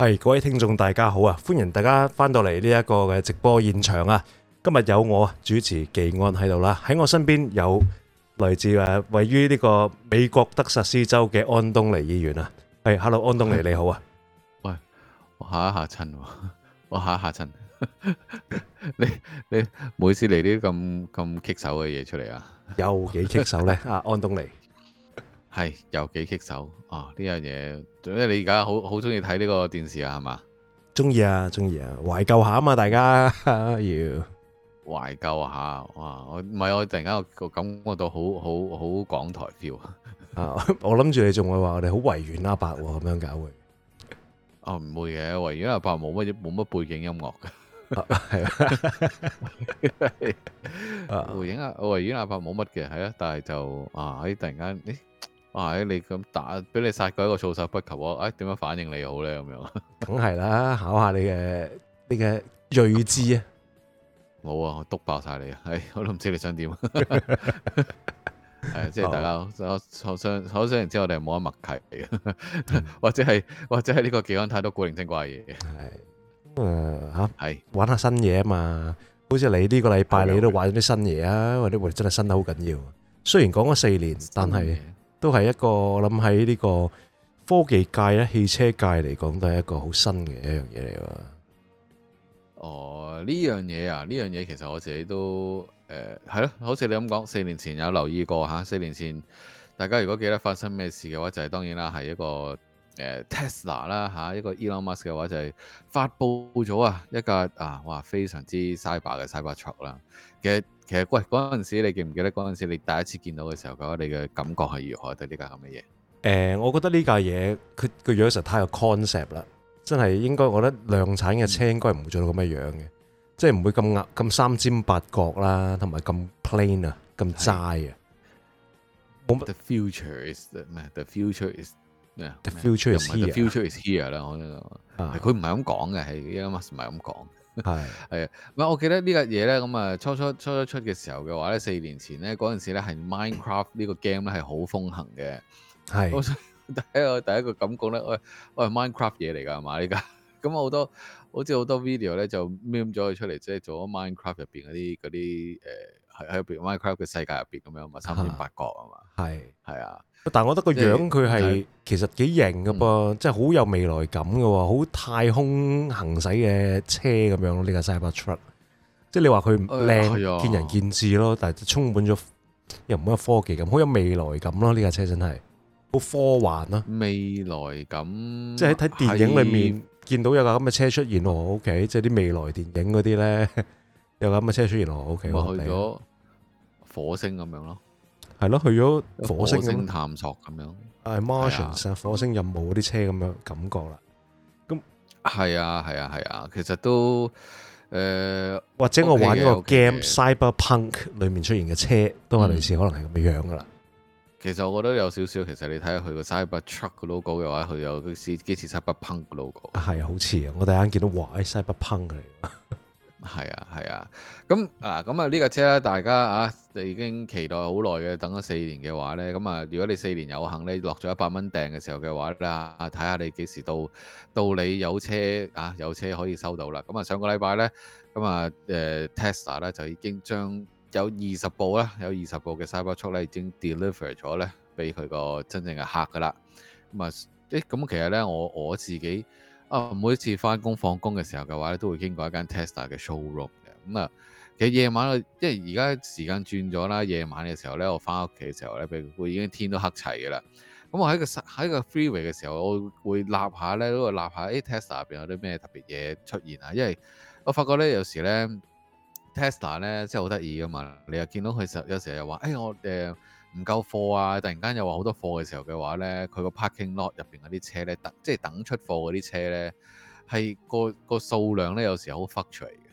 係各位聽眾，大家好啊！歡迎大家翻到嚟呢一個嘅直播現場啊！今日有我主持技安喺度啦，喺我身邊有來自誒位於呢個美國德薩斯州嘅安東尼議員啊！係，Hello，安東尼的你好啊！喂，我吓一下親，我吓一下親， 你你每次嚟啲咁咁棘手嘅嘢出嚟啊！有幾棘手咧？ 啊，安東尼。係又幾棘手啊！呢樣嘢，總之你而家好好中意睇呢個電視啊，係嘛？中意啊，中意啊，懷舊下啊嘛，大家要懷舊下。哇！我唔係我突然間我感覺到好好好港台 feel 啊！我諗住你仲會話我哋好維園阿伯咁、啊、樣搞嘅。哦、啊，唔會嘅，維園阿伯冇乜冇乜背景音樂嘅，係啊，背景 啊，維園阿伯冇乜嘅，係啊，但係就啊，喺突然間，咦？哇、哎！你咁打，俾你殺到一個措手不及喎！哎，點樣反應你好咧？咁樣，梗係啦，考下你嘅呢個睿智啊！冇啊，我督爆晒你，哎、你 啊！係好，我都唔知你想點啊！係，即係大家我想好想然之後，我哋冇乜默契、嗯或，或者係或者係呢個技安太多古靈精怪嘢。係、嗯，誒嚇係玩下新嘢啊嘛！好似你呢個禮拜，你都玩咗啲新嘢啊！我哋的真係新得好緊要。雖然講咗四年，新的 但係。都係一個我諗喺呢個科技界咧、汽車界嚟講，都係一個好新嘅一樣嘢嚟喎。哦，呢樣嘢啊，呢樣嘢其實我自己都誒係咯，好似你咁講，四年前有留意過嚇、啊。四年前大家如果記得發生咩事嘅話，就係、是、當然啦，係一個誒、呃、Tesla 啦、啊、嚇，一個 Elon Musk 嘅話就係、是、發佈咗啊一架啊哇非常之 cyber 嘅 cyber truck 啦嘅。其實喂，嗰陣時你記唔記得嗰陣時你第一次見到嘅時候，嗰個你嘅感覺係如何？對呢架咁嘅嘢？誒、呃，我覺得呢架嘢，佢個樣實在太有 concept 啦，真係應該我覺得量產嘅車應該唔會做到咁嘅樣嘅，嗯、即係唔會咁壓、咁三尖八角啦，同埋咁 plain 啊、咁齋啊。The future is the future is the future is here future is here 啦！我佢唔係咁講嘅，係啱啊，唔係咁講。係，誒，唔係，我記得呢個嘢咧，咁啊，初初初初出嘅時候嘅話咧，四年前咧，嗰陣時咧係 Minecraft 呢個 game 咧係好風行嘅，係的，我第，一我第一個第一個感覺咧，喂喂，Minecraft 嘢嚟噶係嘛？呢家，咁好多，好似好多 video 咧就 mi 咗佢出嚟，即係做咗 Minecraft 入邊嗰啲啲，誒，喺喺入邊 Minecraft 嘅世界入邊咁樣嘛，三面八角啊嘛，係，係啊。的但係我覺得個樣佢係其實幾型噶噃，即係好有未來感噶喎，好太空行駛嘅車咁樣咯。呢架 Cyber Truck，即係你話佢靚，見仁見智咯。但係充滿咗又唔冇科技咁，好有未來感咯。呢架車真係好科幻咯，未來感。即係喺睇電影裏面見到有架咁嘅車出現哦。O K，即係啲未來電影嗰啲咧，有架咁嘅車出現哦。O K，去咗火星咁樣咯。係咯，去咗火，火星探索咁樣，係 Martians 啊火星任務嗰啲車咁樣感覺啦。咁係啊，係啊，係啊，其實都誒，呃、或者我玩個 game、okay okay、Cyberpunk 裏面出現嘅車、okay、的都係類似，可能係咁樣嘅啦、嗯。其實我覺得有少少，其實你睇下佢個 Cybertruck logo 嘅話，佢有佢幾似 Cyberpunk logo？啊係，好似啊，我突然間見到哇，係 Cyberpunk 嚟。 係啊，係啊，咁啊，咁啊，呢架車咧，大家啊，已經期待好耐嘅，等咗四年嘅話咧，咁啊，如果你四年有幸咧落咗一百蚊訂嘅時候嘅話啦，睇、啊、下你幾時到，到你有車啊，有車可以收到啦。咁啊，上個禮拜咧，咁啊，誒、呃、Tesla 咧就已經將有二十部啦，有二十部嘅 Cybertruck 咧已經 deliver 咗咧，俾佢個真正嘅客噶啦。咁啊，誒、欸，咁其實咧，我我自己。啊！每次翻工放工嘅時候嘅話咧，都會經過一間 Tesla 嘅 showroom 嘅。咁、嗯、啊，其實夜晚因為而家時間轉咗啦。夜晚嘅時候咧，我翻屋企嘅時候咧，譬如會已經天都黑齊嘅啦。咁、嗯、我喺個喺個 freeway 嘅時候，我會立下咧，都會立下。哎、欸，Tesla 入邊有啲咩特別嘢出現啊？因為我發覺咧，有時咧 Tesla 咧真係好得意嘅嘛。你又見到佢實有時候又話：哎、欸，我誒。呃唔夠貨啊！突然間又話好多貨嘅時候嘅話咧，佢個 parking lot 入邊嗰啲車咧，即係等出貨嗰啲車咧，係個個數量咧有時好 f u fuck 出嚟嘅，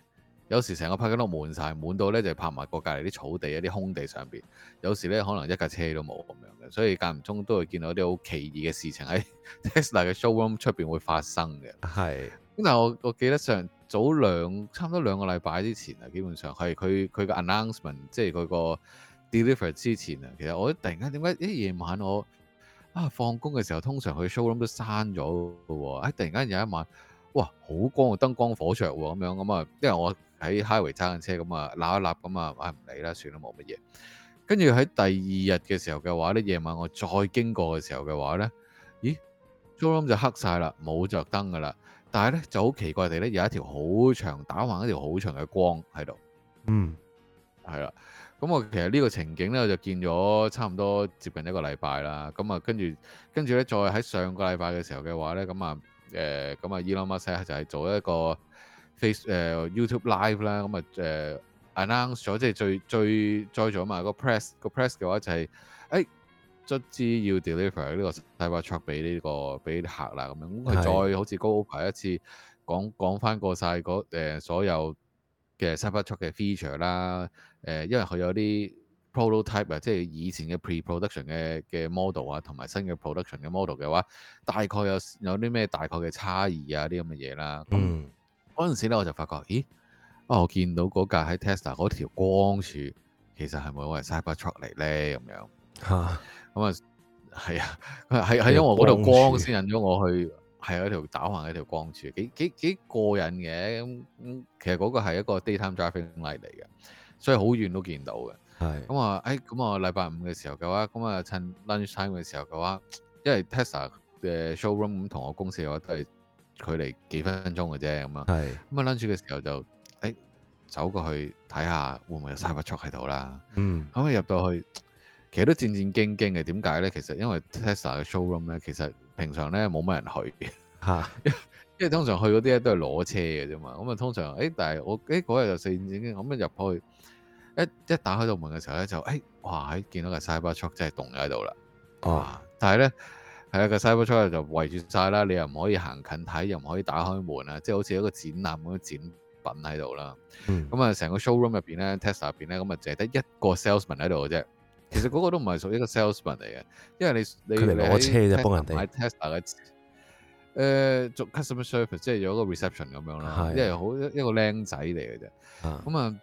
有時成個 parking lot 滿晒，滿到咧就係泊埋個隔離啲草地一啲空地上邊。有時咧可能一架車都冇咁樣嘅，所以間唔中都會見到啲好奇異嘅事情喺 Tesla 嘅 showroom 出邊會發生嘅。係是，咁但我我記得上早兩差唔多兩個禮拜之前啊，基本上係佢佢嘅 announcement，即係佢個。deliver 之前啊，其實我突然間點解？一夜晚我啊放工嘅時候，通常佢 showroom 都閂咗嘅喎。突然間有一晚，哇，好光啊，燈光火灼咁、啊、樣咁啊！因為我喺 highway 揸緊車，咁啊，擸一擸，咁啊，唔理啦，算啦，冇乜嘢。跟住喺第二日嘅時候嘅話咧，夜晚我再經過嘅時候嘅話咧，咦，showroom 就黑晒啦，冇着燈嘅啦。但係咧就好奇怪地咧，有一條好長打橫一條好長嘅光喺度。嗯，係啦。咁我其實呢個情景咧，我就見咗差唔多接近一個禮拜啦。咁啊，跟住跟住咧，再喺上個禮拜嘅時候嘅話咧，咁啊，誒、呃，咁啊，Elon Musk 就係做一個 Face 誒、呃、YouTube Live 啦。咁啊，誒、呃、announce 咗，即係最最再咗啊嘛，個 press 個 press 嘅話就係、是、誒，卒、哎、之要 deliver 呢個 Cybertruck 俾呢、這個俾客啦。咁樣，咁佢再好似 go over 一次，講講翻過晒嗰所有嘅 Cybertruck 嘅 feature 啦。誒，因為佢有啲 prototype 啊，即係以前嘅 pre production 嘅嘅 model 啊，同埋新嘅 production 嘅 model 嘅話，大概有有啲咩大概嘅差異啊，啲咁嘅嘢啦。嗯，嗰陣時咧，我就發覺，咦，啊、哦，我見到嗰架喺 Tesla 嗰條光柱，其實係咪我係 cybertruck 嚟咧？咁樣嚇，咁哈啊，係啊，係係因為嗰條光先引咗我去，係有一條打橫嗰條光柱，幾幾幾過癮嘅。咁其實嗰個係一個 daytime driving light 嚟嘅。所以好遠都見到嘅，咁啊是，誒、嗯，咁、哎、啊，禮拜五嘅時候嘅話，咁啊趁 lunch time 嘅時候嘅話，因為 Tesla 嘅 showroom 咁同我公司嘅話都係距離幾分鐘嘅啫，咁我咁啊 lunch 嘅時候就誒、哎、走過去睇下會唔會有 Cybertruck 喺度啦，咁啊、嗯嗯、入到去其實都戰戰兢兢嘅，點解咧？其實因為 Tesla 嘅 showroom 咧，其實平常咧冇乜人去哈 即係通常去嗰啲咧都係攞車嘅啫嘛，咁啊通常，誒，但係我誒嗰日就四點已經咁樣入去，一一打開到門嘅時候咧就，誒，哇，喺見到 cy 凍、哦這個 Cybertruck 真係凍咗喺度啦，哇！但係咧係一個 Cybertruck 就圍住晒啦，你又唔可以行近睇，又唔可以打開門啊，即係好似一個展覽咁嘅展品喺度啦。咁啊、嗯，成、嗯、個 showroom 入邊咧 Tesla 入邊咧，咁啊淨係得一個 salesman 喺度嘅啫。其實嗰個都唔係屬於一個 salesman 嚟嘅，因為你你攞車就幫人哋。誒、呃、做 customer service 即係有個 reception 咁樣啦，因為好一個靚仔嚟嘅啫。咁的啊，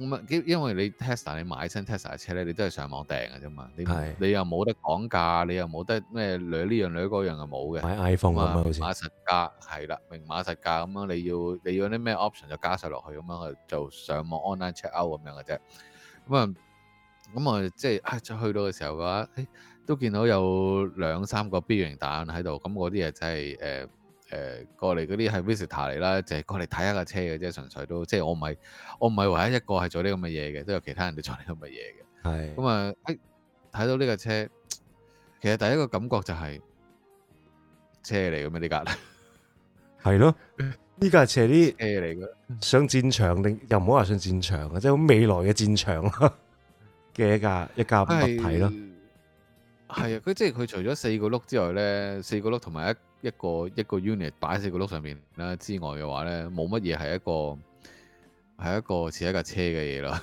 咁啊，因為你 Tesla 你買新 Tesla 嘅車咧，你都係上網訂嘅啫嘛。你的你又冇得講價，你又冇得咩攞呢樣攞嗰樣，又冇嘅。買 iPhone 啊好似碼實價係啦，明碼實價咁樣，你要你要啲咩 option 就加曬落去咁樣去做上網 online check out 咁樣嘅啫。咁啊，咁啊，即係啊，再去到嘅時候嘅話。哎都見到有兩三個 B 型蛋喺度，咁嗰啲嘢真係誒誒過嚟嗰啲係 visitor 嚟啦，就係、是、過嚟睇下架車嘅啫，純粹都即係我唔係我唔係唯一一個係做呢咁嘅嘢嘅，都有其他人哋做呢咁嘅嘢嘅。係咁啊，睇、哎、到呢架車，其實第一個感覺就係、是、車嚟嘅咩呢架？係咯，呢架係斜啲嘢嚟嘅，上戰場定又唔好話上戰場啊，即係未來嘅戰場咯嘅一架的一架物體咯。係啊，佢即係佢除咗四個轆之外咧，四個轆同埋一一個一個 unit 擺喺四個轆上面啦之外嘅話咧，冇乜嘢係一個係一個似一架車嘅嘢咯。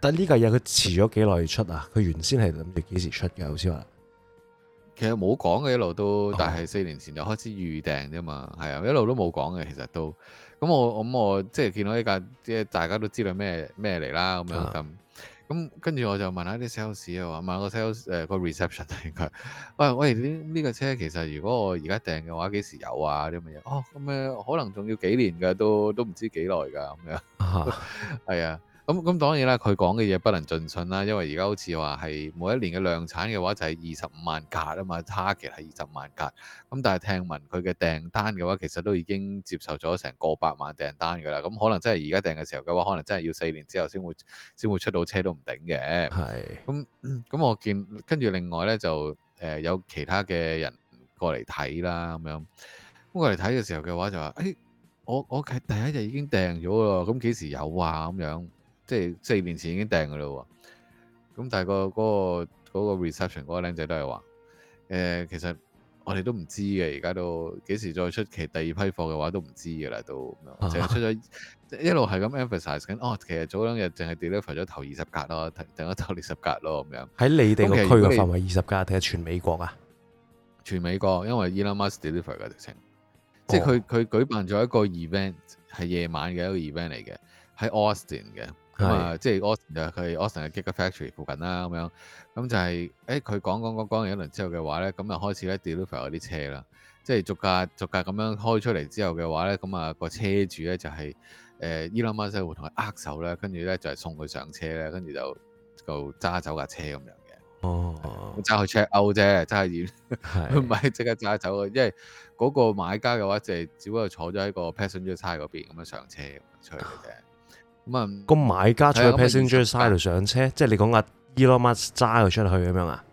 但係呢架嘢佢遲咗幾耐出啊？佢原先係諗住幾時出嘅？好似話，其實冇講嘅一路都，但係四年前就開始預訂啫嘛。係啊、哦，一路都冇講嘅，其實都。咁我我我即係見到呢架，即係大家都知道咩咩嚟啦，咁樣咁。啊跟住我就問下啲 sales 啊，話問個 sales 誒個 reception 啊，應該，喂喂呢呢個車其實如果我而家訂嘅話，幾時有啊啲咁嘢？哦，咁、啊、誒、啊、可能仲要幾年嘅，都都唔知幾耐㗎咁樣，係啊。 咁咁當然啦，佢講嘅嘢不能盡信啦，因為而家好似話係每一年嘅量產嘅話就係二十五萬架啊嘛，target 係二十五萬架。咁但係聽聞佢嘅訂單嘅話，其實都已經接受咗成過百萬訂單㗎啦。咁可能真係而家訂嘅時候嘅話，可能真係要四年之後先會先會出到車都唔定嘅。咁咁是，我見跟住另外呢，就、呃、有其他嘅人過嚟睇啦咁樣。過嚟睇嘅時候嘅話就話、哎：，我我第一日已經訂咗啦，咁幾時有啊？咁樣。即係四年前已經訂噶啦喎，咁但係、嗰個嗰、個嗰個 reception 嗰個靚仔都係話，誒、呃、其實我哋都唔知嘅，而家都幾時再出其第二批貨嘅話都唔知噶啦，都淨係出咗 一路係咁 emphasize 緊、哦，哦其實早兩日淨係 deliver 咗頭二十架咯，定咗頭二十架咯咁樣。喺你哋個區域範圍二十架定係全美國啊？為全美國，因為 Elon Musk deliver 嘅直情，即係佢佢舉辦咗一個 event 係夜晚嘅一個 event 嚟嘅，喺 Austin 嘅。咁啊，即係 Austin 就係佢 Austin 嘅 Giga Factory 附近啦，咁樣，咁、嗯、就係、是，誒佢講講講講完一輪之後嘅話咧，咁就開始咧 deliver 嗰啲車啦，即係逐架逐架咁樣開出嚟之後嘅話咧，咁啊個車主咧就係誒 Elon Musk 會同佢握手咧，跟住咧就係送佢上車咧，跟住就就揸走架車咁、oh. 樣嘅。哦，揸去 check out 啫，揸去驗，唔係即刻揸走嘅，因為嗰個買家嘅話就係、是、只不過坐咗喺個 passenger car 嗰邊咁樣上車樣出去嘅。咁啊，個買家坐喺 passenger side 度上車，嗯嗯、即係你講阿 Elon Musk 揸佢出去咁樣啊？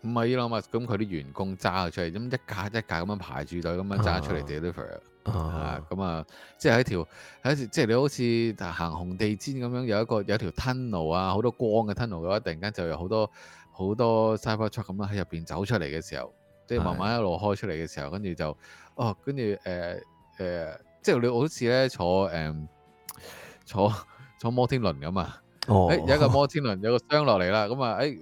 唔係 Elon Musk，咁佢啲員工揸佢出去，咁一架一架咁樣排住隊咁樣揸出嚟 deliver 啊，咁啊，啊即係喺條，好即係你好似行紅地氈咁樣，有一個有一條 tunnel 啊，好多光嘅 tunnel 嘅話，突然間就有好多好多 cyber truck 咁樣喺入邊走出嚟嘅時候，的即係慢慢一路開出嚟嘅時候，跟住就哦，跟住誒誒，即係你好似咧坐誒。呃坐坐摩天輪咁啊！誒、哦欸、有一個摩天輪有個箱落嚟啦，咁啊誒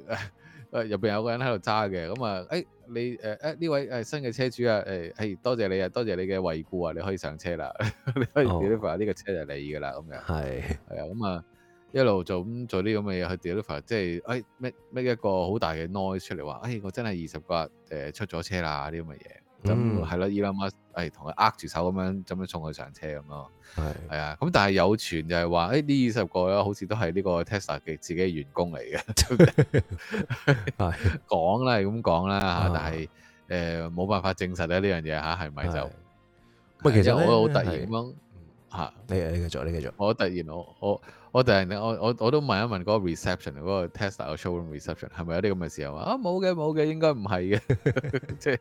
誒入邊有個人喺度揸嘅，咁啊誒你誒誒呢位誒新嘅車主啊誒，係多謝你啊，多謝你嘅惠顧啊，你可以上車啦， 你可以 deliver 呢、哦、個車就你噶啦咁樣。係啊是、嗯，咁、嗯、啊、嗯、一路就咁做啲咁嘅嘢去 deliver，即係誒、欸、make 一個好大嘅 noise 出嚟話、欸，我真係二十個誒、欸、出咗車啦啲咁嘅嘢。咁係咯，姨媽誒同佢握住手咁樣，咁樣送佢上車咁咯？係啊，咁但係有傳就係話，誒呢二十個咧，好似都係呢個 Tesla 嘅自己員工嚟嘅，講啦，咁講啦嚇，但係誒冇辦法證實咧呢樣嘢嚇，係咪就咪其實咧，係。嚇！你你繼續，你繼續我我。我突然我我我突然我我我都問一問嗰個，reception，個，test，個 show reception 嗰個 Tesla showroom reception 係咪有啲咁嘅時候？啊冇嘅冇嘅，應該唔係嘅。即 係、就是、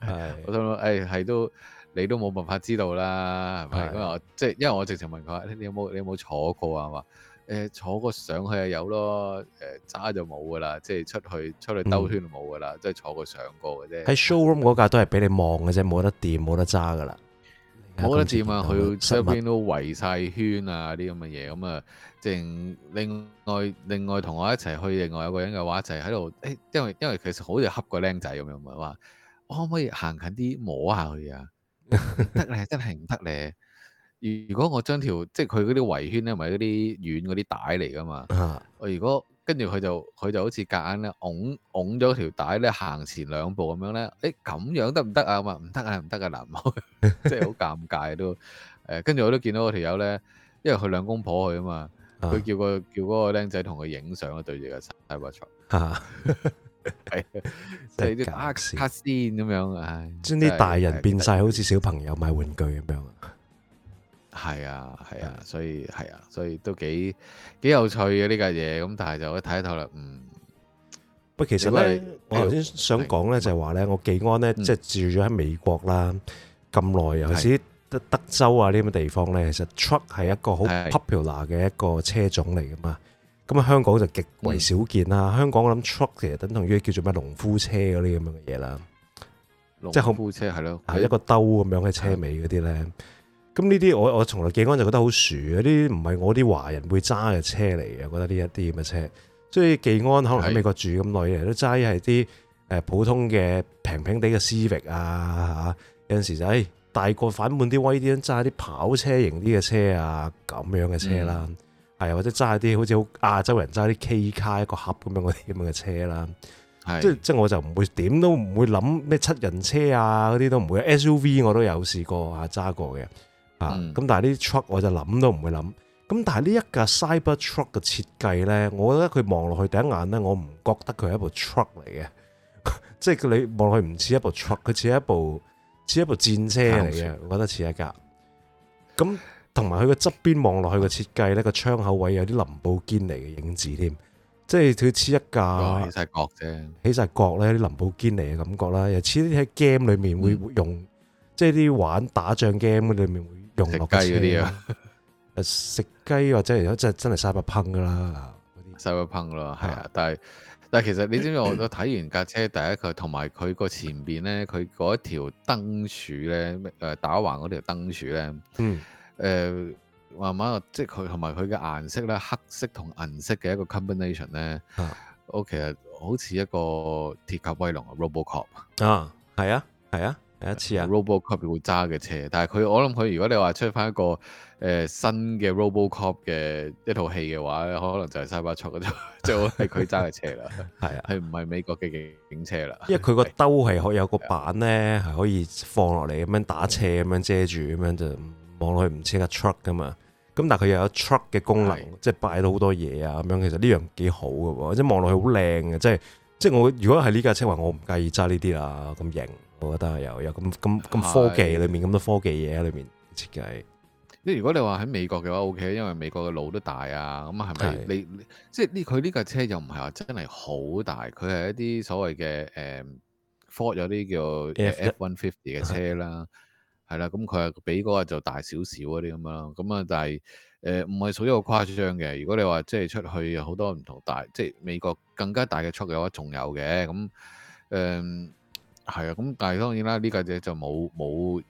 的我諗，誒、哎、係都你都冇辦法知道啦，係咪？即係的因，因為我直情問佢，你有冇你有冇坐過啊？話誒坐過上去就有咯，誒、呃、揸就冇噶啦。即係出去出去，出去兜圈冇噶啦，嗯、即係坐過上過嘅啫。喺 showroom 嗰架的都係俾你望嘅啫，冇得掂，冇得揸噶啦。冇得掂啊！佢上邊都圍晒圈啊，啲咁嘅嘢，咁啊，即另外另外同我一齊去，另外一個人嘅話就係喺度，誒、哎，因為因為其實好似恰個僆仔咁樣，話我可唔可以行近啲摸下佢啊？得咧， 真係唔得咧。如果我將條即係佢嗰啲圍圈咧，咪嗰啲軟嗰啲帶嚟㗎嘛？我如果跟住佢就佢就好似夾硬咧，㧬㧬咗條帶咧，行前兩步咁樣咧，誒咁樣得唔得啊？咁啊唔得啊唔得啊，難看，即係好尷尬都。誒，跟住我都見到嗰條友咧，因為佢兩公婆去啊嘛，佢、啊、叫個叫個僆仔同佢影相啊，對住個柴火桌，係啊，即係啲客客先咁樣，唉、哎，將啲是大人變晒是好似小朋友買玩具咁樣啊。係啊，係啊，所以係啊，所以都幾幾有趣嘅呢個嘢，咁但係就可以睇一睇啦，嗯，不過，其實咧，我頭先想講咧就係話咧，我技安咧，即係住咗喺美國啦，咁耐，尤其是德德州啊呢啲咁嘅地方咧，是其實 truck 係一個好 popular 嘅一個車種嚟噶嘛，咁啊香港就極為少見啦，喂香港我諗 truck 其實等同於叫做咩農夫車嗰啲咁樣嘅嘢啦，即係農夫車係咯，係一個兜咁樣嘅車尾嗰啲咧。咁呢啲我我從來技安就覺得好薯，呢啲唔係我啲華人會揸嘅車嚟嘅，覺得呢一啲咁嘅車，所以技安可能喺美國住咁耐，是的 都揸係啲誒普通嘅平平地嘅 Civic 啊，有陣時就誒、哎、大個反叛啲威啲，揸啲跑車型啲嘅車啊，咁樣嘅車啦，係、嗯、或者揸啲好似好亞洲人揸啲 K 卡一個盒咁樣啲咁嘅車啦，是的 即即我就唔會點都唔會諗咩七人車啊嗰啲都唔會，SUV 我都有試過啊揸過嘅。咁、嗯、但係呢啲 truck 我就諗都唔會諗。咁但係呢一架 Cyber Truck 嘅設計咧，我覺得佢望落去第一眼咧，我唔覺得佢係一部 truck 嚟嘅，即 係你望落去唔似一部 truck，佢似一部似 一部戰車嚟嘅，我覺得似一架。咁同埋佢個側邊望落去嘅設計咧，個窗口位有啲林寶堅尼嘅影子添，即係佢似一架起曬角啫，起晒角咧，啲 林寶堅尼嘅感覺啦，又似啲喺 game 裏面會用，即係啲玩打仗 game 裏面會。食雞嗰啲啊，食雞 或者有真真係 cyberpunk 噶啦，cyberpunk 噶啦，係啊！啊但係但係其實你知唔知我睇完架車第一個，同埋佢個前邊咧，佢嗰一條燈柱咧，誒、呃、打橫嗰條燈柱咧，嗯，誒、呃、慢慢即係佢同埋佢嘅顏色咧，黑色同銀色嘅一個 combination 咧，我、啊、其實好似一個鐵甲威龍嘅 RoboCop 啊，係啊，係啊。第一次啊，RoboCop 會揸嘅車，但係佢我諗佢如果你話出翻一個誒、呃、新嘅 RoboCop 嘅一套戲嘅話咧，可能就係 《西巴卓》嗰度就係佢揸嘅車啦。係啊，係唔係美國嘅警車啦？因為佢個兜係可有個板咧，係、啊、可以放落嚟咁樣打斜咁樣遮住咁樣就望落去唔似架 truck 噶嘛。咁但係佢又有 truck 嘅功能，啊、即係擺到好多嘢啊咁樣。其實呢樣幾好嘅喎，即望落去好靚嘅。即係即係我如果係呢架車話，我唔介意揸呢啲啊咁型。我覺得有有咁咁咁科技的裏面咁多科技嘢喺裏面設計。即係如果你話喺美國嘅話，OK，因為美國嘅路都大啊。咁啊，係咪的你即係呢？佢呢架車又唔係話真係好大，佢係一啲所謂嘅誒、嗯、，Ford 有啲叫 F One Fifty 嘅車啦，係啦。 咁佢係比嗰個就大少少嗰啲咁樣咯。咁啊，但係誒唔係屬於好誇張嘅。如果你話即係出去有好多唔同大，即係美國更加大嘅 truck 嘅話，仲有嘅咁誒。係啊，咁但係當然啦，呢個嘢就冇冇，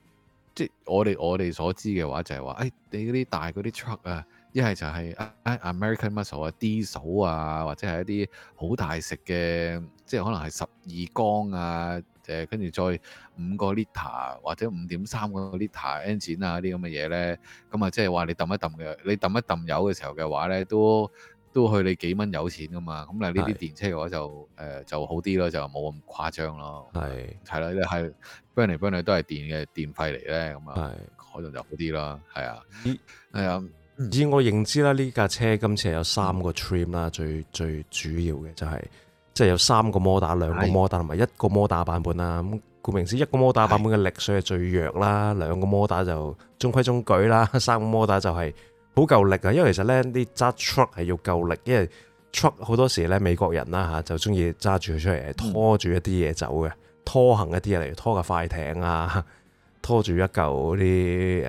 即係我哋我哋所知嘅話就係話，誒、哎、你嗰啲大嗰啲 truck 啊，一係就係啊 American Muscle 啊 d 數啊，或者係一啲好大食嘅，即係可能係十二缸啊，誒跟住再五個 liter t 或者五點三個 liter t engine 啊啲咁嘅嘢咧，咁啊即係話你揼一揼嘅，你揼一揼油嘅時候嘅話咧都。都去你幾蚊有錢噶嘛？咁嗱，呢啲電車嘅話就誒是、呃、就好啲咯，就冇咁誇張咯。係係啦，係搬嚟搬去都係電嘅電費嚟咧，咁啊是，就可能就好啲啦。係啊，係以啊，以我認知啦，呢架車今次係有三個 trim 啦，嗯、最最主要嘅就係即係有三個摩打，兩個摩打同埋一個摩打版本啦。咁顧名思，一個摩打版本嘅力水係是最弱啦，兩個摩打就中規中矩啦，三個摩打就係、是。好夠力啊！因為其實咧，啲揸 truck 係要夠力，因為 truck 好多時咧，美國人啦嚇就中意揸住佢出嚟係拖住一啲嘢走嘅，拖行一啲嘢，例如拖架快艇啊，拖住一嚿啲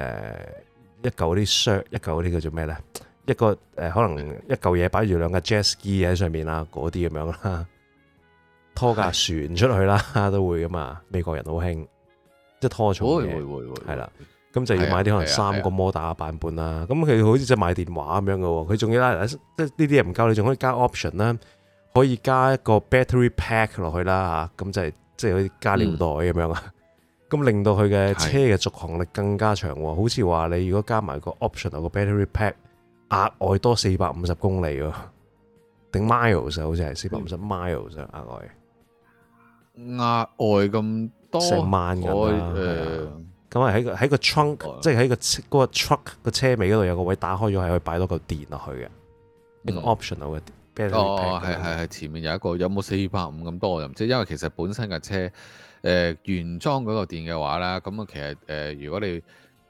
一嚿啲 shirt 一嚿啲叫做咩咧？一個、呃、可能一嚿嘢擺住兩架 jet ski 喺上面啦，嗰啲咁樣啦，拖架船出去啦都會㗎嘛。美國人好興，即係拖出去。係啦。咁就要買啲可能三個摩打嘅版本啦。咁佢、啊啊啊、好似即係買電話咁樣嘅喎，佢仲要拉人，即係呢啲嘢唔夠，你仲可以加 option 啦，可以加一個 battery pack 落去啦嚇。咁就即係好似加尿袋咁樣啊。咁令到佢嘅車嘅續航力更加長喎。是好似話你如果加埋個 option 啊個 battery pack，額外多四百五十公里喎，定、啊、miles 好似係四百五十 miles 額外。額外咁多成萬嘅。1 1, 咁啊，喺喺 trunk，、哦、即係喺個嗰 trunk 個車尾嗰度有個位打開咗，係去擺多個電落去嘅，呢個、嗯、optional 嘅 battery pack 哦，係係係，前面有一個，有冇四百五咁多又唔知，因為其實本身架車誒、呃、原裝嗰個電嘅話咧，咁啊，其實誒、呃、如果你誒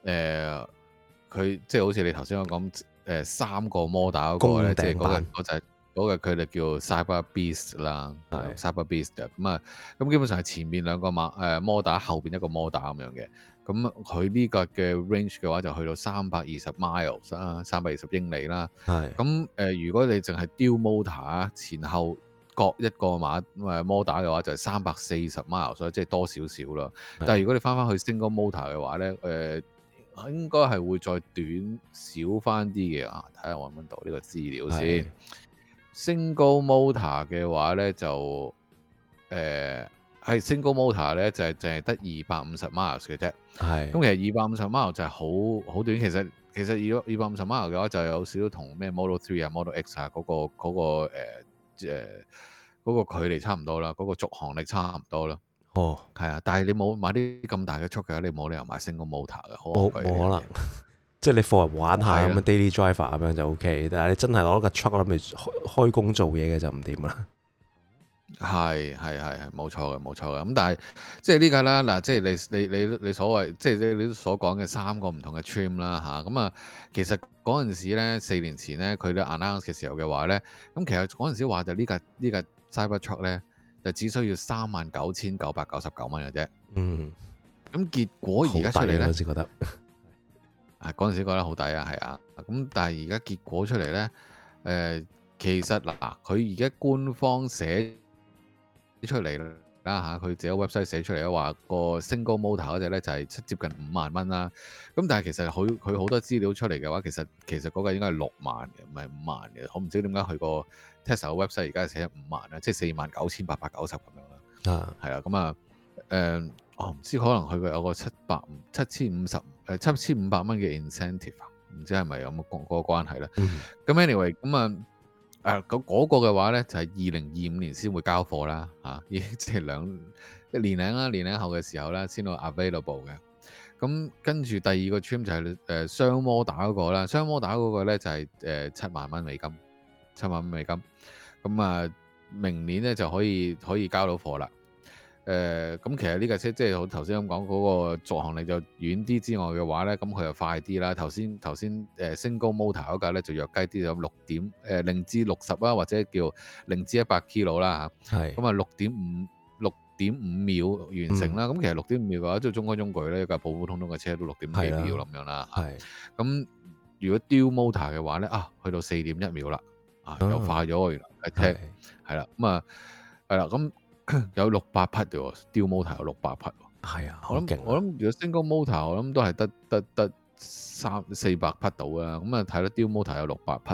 佢、呃、即係好似你頭先講講誒三個摩打嗰、那個咧，即係嗰個就係、是、嗰、那個佢哋叫 Cyber Beast 啦 Cyber Beast 咁啊，咁基本上係前面兩個 m o 摩打後邊一個摩打咁樣嘅。咁佢呢個嘅 range 嘅話就去到三百二十 miles 啦，三百二十英里啦。係是。咁誒、呃，如果你淨係 Dual motor 啊，前後各一個馬咁啊 motor 嘅話就係三百四十 mile，所以即係多少少啦。是但係如果你翻翻去 Single motor 嘅話咧，誒、呃、應該係會再短少翻啲嘅啊。睇下我揾到呢個資料先。是 Single motor 嘅話咧就誒。呃係，single motor 咧就係就係得二百五十 mile 嘅啫。係是，咁其實二百五十 mile 就係好好短。其實其實二百五十 mile 嘅話就有少少同咩 model three 啊 model x 啊嗰、那個嗰、那個誒誒、呃呃那個、距離差唔多啦，嗰、那個續航力差唔多啦。哦，係啊，但係你冇買啲咁大嘅 truck，你冇理由買 Single motor 嘅。冇冇無可，可能？即係你放人玩下咁啊的，daily driver 咁樣就 OK。但係你真係攞架 truck 諗住開開工做嘢嘅就唔掂啦。係係係係，冇錯嘅，冇錯嘅。咁但係即係呢個啦，嗱，即係你你你你所謂即係你你所講嘅三個唔同嘅 trim 啦吓，咁啊其實嗰陣時咧四年前咧佢啲 announce 嘅時候嘅話咧，咁其實嗰陣時話就、這個這個、呢個呢個 Cybertruck 咧就只需要三萬九千九百九十九蚊嘅啫。嗯，咁結果而家出嚟咧啊，嗰陣時覺得好抵啊，係啊。咁但係而家結果出嚟咧，誒其實嗱，佢而家官方寫出嚟啦嚇，佢自己 website 寫出嚟嘅話個 single motor 嗰隻咧就係接近五萬蚊啦。咁但係其實佢佢好多資料出嚟嘅話，其實其實嗰個應該係六萬嘅，唔係五萬嘅。我唔知點解佢個 Tesla 嘅 website 而家係寫咗五萬啊，即係四萬九千八百九十咁樣啦。啊，係啦，咁啊，誒，我唔知可能佢個有個七百七千五十誒、呃、七千五百蚊嘅 incentive，唔知係咪有冇嗰個關係啦。咁 anyway，咁啊。Hmm. 誒咁嗰個嘅話咧，就係二零二五年先會交貨啦，嚇、啊，依即係兩年零啦，年零後嘅時候咧先到 available 嘅。咁跟住第二個 trim 就係、是、誒、呃、雙摩打嗰個啦，雙摩打嗰個咧就係誒七萬蚊美金，七萬蚊美金。咁啊，明年咧就可以可以交到貨啦。誒咁、呃、其實呢架車即係我頭先咁講嗰個續航力就遠啲之外嘅話咧，咁佢又快啲啦。頭先頭先誒 single motor 嗰架咧就弱低啲，有六點誒零至六十啦，呃、60，或者叫零至一百 kilo 啦嚇。係咁啊，六點五六點五秒完成啦。咁、嗯、其實六點五秒嘅話，即係中規中矩咧，一架普普通通嘅車都六點幾秒咁樣啦。係咁、啊，如果 dual motor 嘅話咧，啊去到四點一秒啦，啊、嗯、又快咗去原來嘅車係啦。咁啊係啦咁。的有六百匹嘅喎，dual motor 有六百匹喎，係啊，好勁，我諗想如果 single motor，我諗都係得得得三四百匹到啊。咁啊，睇到 dual motor 有六百匹，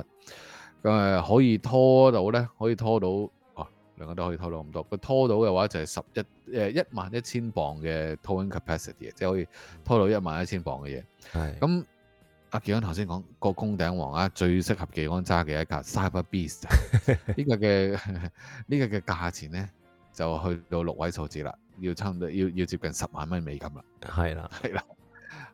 咁啊可以拖到咧，可以拖到哦、啊，兩個都可以拖到咁多。佢拖到嘅話就係十一誒一萬一千磅嘅 towing capacity 即係可以拖到一萬一千磅嘅嘢。係咁是，阿技安頭先講個工頂王啊，最適合技安揸嘅一架 cyber beast，呢 個嘅呢、呢個嘅價錢咧。就去到六位數字啦，要差唔多要要接近十萬蚊美金啦。係啦的，係啦，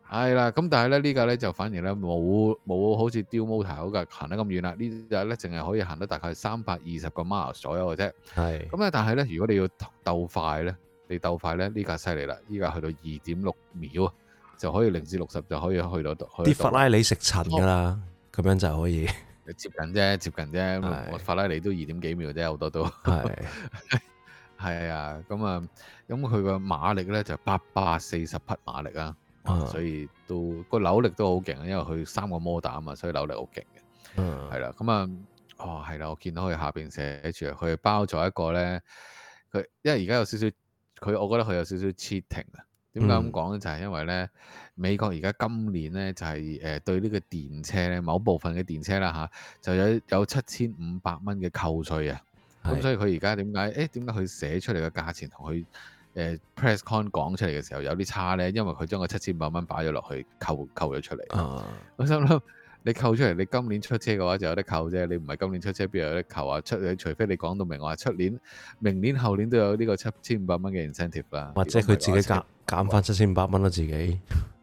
係啦。咁但係咧呢個咧就反而咧冇冇好似 Dual Motor 嗰架行得咁遠啦。呢隻咧淨係可以行得大概三百二十個 mile 左右嘅啫。係是的。咁咧但係咧如果你要鬥快咧，你鬥快咧呢架犀利啦，呢架去到二點六秒啊，就可以零至六十就可以去到。啲法拉利食塵㗎啦，咁樣就可以。接近啫，接近啫。我法的拉利都二點幾秒啫，好多都。的 係啊，咁、嗯、啊，咁佢個馬力咧就八百四十匹馬力啊，uh huh. 所以都個扭力都好勁啊，因為佢三個摩打啊嘛，所以扭力好勁嘅。嗯，係、哦、啦，咁啊，哦啦，我見到佢下面寫住佢包咗一個咧，佢因為而家有少少，佢我覺得佢有少少 cheating 啊。點解咁講咧？Hmm. 就係因為咧，美國而家今年咧就係、是、誒、呃、對呢個電車咧某部分嘅電車啦嚇、啊，就有有七千五百蚊嘅扣稅啊。咁、嗯、所以佢而家點解？誒點解佢寫出嚟嘅價錢同佢誒 press con 講出嚟嘅時候有啲差呢？因為佢將個七千五百蚊擺咗落去扣扣咗出嚟。啊、我心諗你扣出嚟，你今年出車嘅話就有得扣啫。你唔係今年出車邊有得扣啊？出除非你講到明話，出年、明年、後年都有呢個七千五百蚊嘅 incentive 啦。或者佢自己減減翻七千五百蚊咯，自己。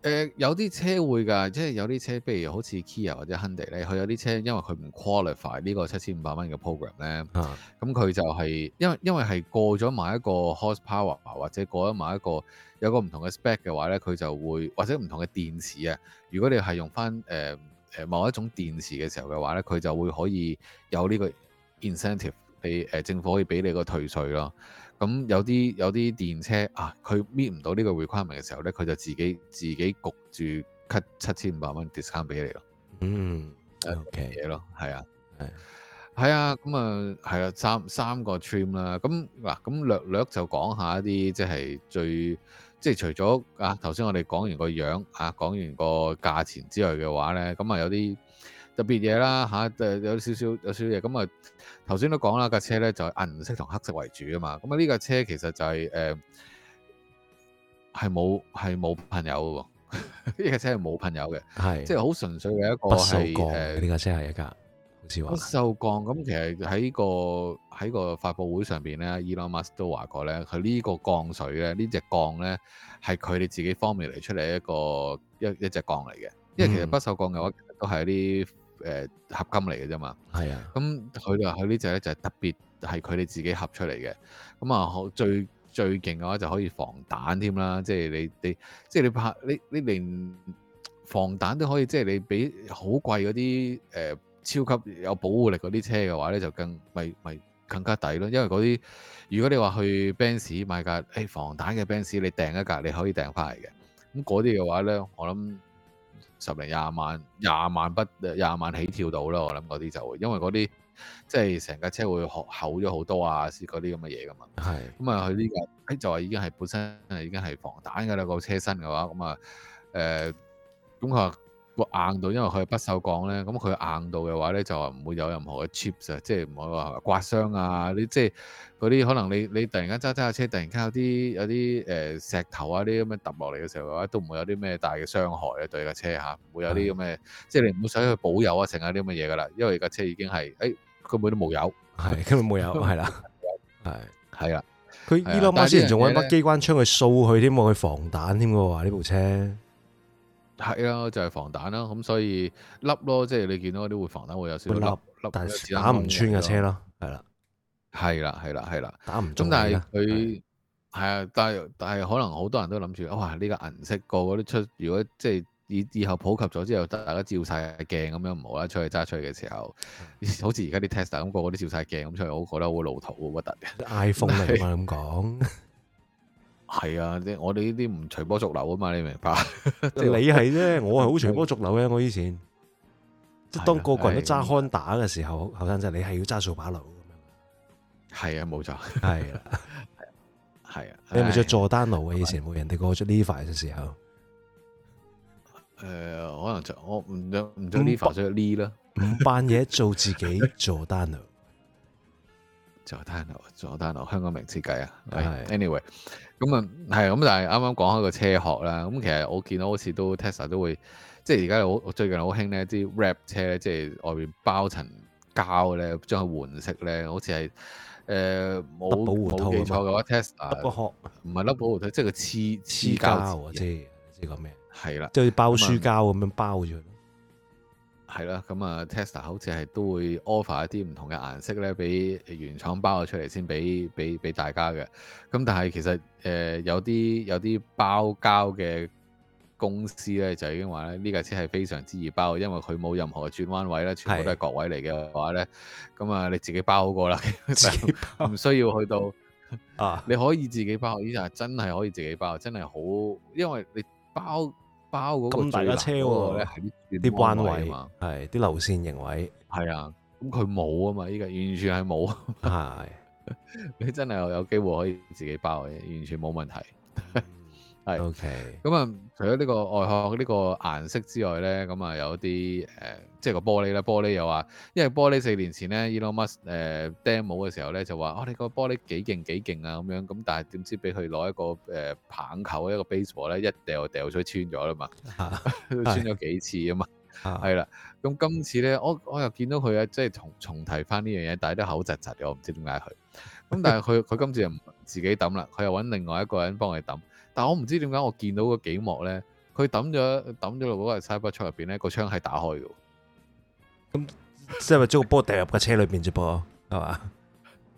誒、呃、有啲車會㗎，即係有啲車，譬如好似 Kia 或者 Hyundai 咧，佢有啲車因為佢唔 qualify 呢個七千五百蚊嘅 program 咧、嗯，咁佢、嗯、就係、是、因為因為係過咗某一個 horsepower 或者過咗某一個有個唔同嘅 spec 嘅話咧，佢就會或者唔同嘅電池啊，如果你係用翻誒誒某一種電池嘅時候嘅話咧，佢就會可以有呢個 incentive，你誒、呃、政府可以俾你個退稅咯。咁有啲有啲電車啊，佢 meet 唔到呢個 requirement 嘅時候咧，佢就自己自己焗住 cut 七千五百蚊 discount 俾你咯。嗯，OK 嘢咯，係啊，係係啊，咁啊係啊三三個 trim 啦。咁嗱咁略略就講下一啲即係最即係、就是、除咗啊頭先我哋講完、啊、完個樣啊，講完個價錢之類嘅話咧，咁啊有啲。特別嘢啦嚇，誒有少少有少少嘢咁啊！頭先都講啦，架車咧就係銀色同黑色為主啊嘛。咁啊呢架車其實就係誒係冇係冇朋友嘅喎，呢 架車係冇朋友嘅，係即係好純粹嘅一個係誒呢架車係一架好似話不鏽鋼。咁家其實喺、呢個喺個發佈會上邊咧，Elon Musk 都話過咧，佢呢個鋼水咧，呢個、呢隻鋼咧係佢哋自己方面嚟出嚟一個一一隻鋼嚟嘅。因為其實不鏽鋼嘅話其實都係啲。嗯合金嚟嘅啫嘛，係啊，咁佢哋佢呢隻咧就係特別係佢哋自己合出嚟嘅，咁啊好最最勁嘅話就可以防彈添啦，即係你你即係你拍你你連防彈都可以，即係你比好貴嗰啲、呃、超級有保護力嗰啲車嘅話咧就更咪咪更加抵咯，因為嗰啲如果你話去 Benz 買架誒、哎、防彈嘅 Benz 你訂一架，你可以訂翻嚟嘅，咁嗰啲嘅話咧我諗。十零廿萬、廿萬筆、廿萬起跳到啦，我諗嗰啲就會，因為嗰啲即係成架車會厚咗好多啊，嗰啲咁嘅嘢㗎嘛。係是。咁啊，佢呢個，就話已經係本身已經係防彈㗎啦個車身嘅話，咁、嗯、啊，誒、呃，咁佢話。個硬度，因為佢係不鏽鋼咧，咁佢硬度嘅話咧，就唔會有任何嘅 chip 啊，即係唔好話刮傷啊，你即係嗰啲可能你你突然間揸揸下車，突然間有啲有啲誒石頭啊啲咁樣揼落嚟嘅時候嘅話，都唔會有啲咩大嘅傷害咧對架車嚇，唔會有啲咁嘅，的即係你唔使去補油啊，剩下啲咁嘅嘢噶啦，因為架車已經係誒佢冇都冇油，係根本冇油，係啦，係係啦，佢馬斯克先前仲揾把機關槍去掃佢添，去防彈添嘅喎呢部車。係啊，就係、是、防彈啦，咁所以凹咯，即係你見到嗰啲會防彈會有少少凹，凹凹，但係打唔穿嘅車咯，係啦，係啦，係啦，係啦，打唔中但的。但係佢係啊，但係但係可能好多人都諗住哇，呢、這個銀色個嗰啲出，如果即係以以後普及咗之後，大家照晒鏡咁樣唔好啦，出去揸出去嘅時候， 好似而家啲 Tesla 咁，個嗰啲照晒鏡咁出去，我覺得好老土，好核突嘅 iPhone 嚟嘅咁講。 係啊，即我哋呢啲唔隨波逐流啊嘛，你明白？你係啫，我係好隨波逐流嘅。我以前即係當個個人都揸康打嘅時候，後生仔你係要揸掃把佬咁樣。係啊，冇錯，係啊，係啊，係啊，你係咪做單奴嘅。以前冇人哋過咗呢塊嘅時候，誒，可能就我唔唔做呢塊，做呢啦。唔扮嘢，做自己做單奴，做單奴，做單奴。香港名設計啊。anyway 咁啊，係咁、嗯，但係啱啱講開個車殼啦。咁其實我見到好似都 Tesla 都會，即係而家好最近好興呢啲 Wrap 車咧，即係外邊包層膠咧，將佢換色咧，好似係誒，冇冇記錯嘅話，Tesla。粒個殼。唔係粒保護套，即係個黐黐膠，膠即係即係講咩？係啦，即係了包書膠咁樣包住。係啦，咁啊 Tesla 好似係都會 offer 一啲唔同嘅顏色咧，俾原廠包咗出嚟先，俾俾俾大家嘅。咁但係其實誒、呃、有啲有啲包膠嘅公司咧，就已經話咧呢架車係非常之易包，因為佢冇任何嘅轉彎位啦，全部都係角位嚟嘅話咧，咁啊是你自己包好過啦，唔 需要去到啊，你可以自己包，依家真係可以自己包，真係好，因為你包。包嗰個大架車喎、啊，啲啲彎位，彎位嘛，係啲流線型位，係啊，咁佢冇啊嘛，依家完全係冇，係 的 你真係有機會可以自己包嘅，完全冇問題。 是 OK，咁啊，除咗呢個外殼呢、呢個顏色之外咧，咁啊有一啲誒，即、呃、係、就是、個玻璃啦。玻璃又話，因為玻璃四年前咧，Elon Musk d 誒 demo 嘅時候咧，就話你個玻璃幾勁幾勁啊咁樣。咁但係點知俾佢攞一個誒、呃、棒球一個 baseball 咧，一掉掉咗穿咗啦嘛，穿咗、啊、 幾次啊嘛，係啦、啊。咁今次咧，我我又見到佢啊，即係重重提翻呢樣嘢，但係都口窒窒嘅，我唔知點解佢咁。但係佢佢今次又唔 自己揼啦，佢又揾另外一個人幫佢揼。但我唔知點解我見到個幾幕咧，佢抌咗抌咗落嗰個西北窗入邊咧，個窗係打開嘅，咁即係咪將個波掟入架車裏邊啫噃，係嘛？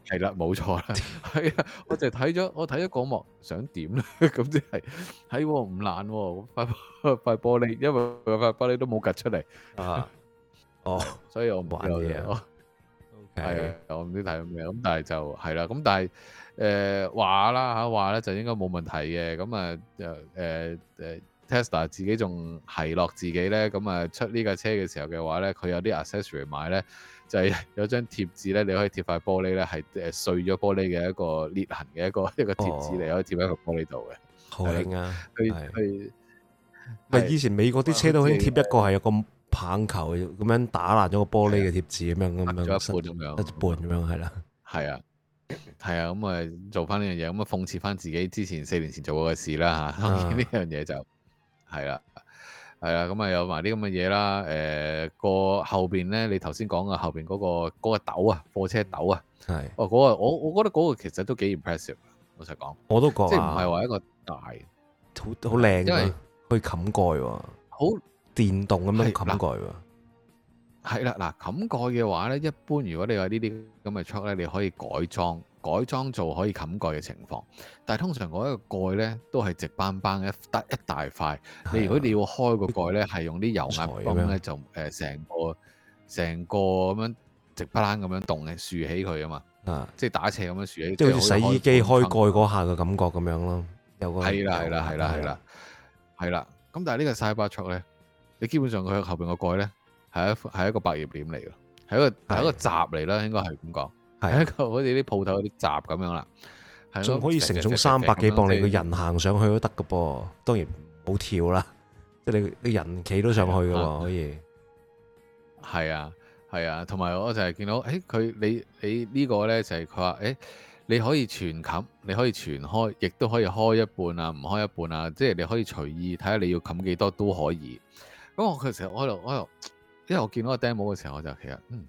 係啦，冇錯啦，係啊，我就睇咗我睇咗個幕，想點咧？咁即係睇喎唔爛喎，塊塊玻璃，因為塊玻璃都冇夾出嚟啊，哦，所以我唔玩嘢咯，係我唔知睇緊咩，咁但係就係啦，咁但係。誒、呃呃呃呃呃呃呃、話啦嚇話咧，就應該冇問題嘅。咁啊，誒誒 Tesla 自己仲係落自己咧。咁啊，出呢架車嘅時候嘅話咧，佢有啲 accessory 買咧，就係有張貼紙咧，你可以貼塊玻璃咧，係誒碎咗玻璃嘅一個裂痕嘅一個一個貼紙你可以貼喺個玻璃度嘅。好啊，佢去。唔係以前美國啲車都興貼一個係有個棒球咁樣、嗯、打爛咗個玻璃嘅貼紙咁樣，咁樣，一半咁樣，一半咁樣係啦，係啊。係 啊，咁啊做翻呢樣嘢，咁啊諷刺翻自己之前四年前做過嘅事啦吓。當然呢樣嘢就係、啊啊、啦，係、呃、啦，咁啊有埋啲咁嘅嘢啦。誒，個後邊咧，你頭先講嘅後邊嗰、那個嗰、那個斗啊，貨車斗啊，係是。哦，嗰、那個我我覺得嗰個其實都幾 impressive，老實講。我都覺、啊、即係唔係話一個大，好好靚、啊，因為可以冚蓋喎，蓋蓋啊、好電動咁樣冚蓋係啦，嗱，冚蓋嘅話咧，一般如果你有呢啲咁嘅桌咧，你可以改裝，改裝做可以冚蓋嘅情況。但係通常嗰一個蓋咧，都係直班班嘅，得一,一大塊。的你如果你要開個蓋咧，係的用啲油壓泵咧，就成、呃、個成個咁樣直不攤咁樣動嘅，豎起佢啊嘛。啊的，即係打斜咁樣豎起，即係好似洗衣機起開,開蓋嗰下嘅感覺咁樣咯。有個係啦，係啦，係啦，係啦，係啦。咁了但係呢個 Cybertruck 咧，你基本上佢後邊個蓋咧。係一係一個百葉簾嚟嘅，係一個係是一個閘嚟啦，應該係咁講，係是一個好似啲鋪頭啲閘咁樣啦。仲是可以承重三百幾磅，你個人行上去都得嘅噃。是當然唔好跳啦，是即係你你人企都上去嘅、啊、可以。係啊係啊，同埋、啊、我就係見到誒佢、哎、你你個呢個咧就係佢話誒你可以全冚，你可以全開，亦都可,可以開一半啊，唔開一半啊，即、就、係、是、你可以隨意睇下你要冚幾多都可以。咁我其實我又我又～因為我見到個 demo 嘅時候，我就其實嗯，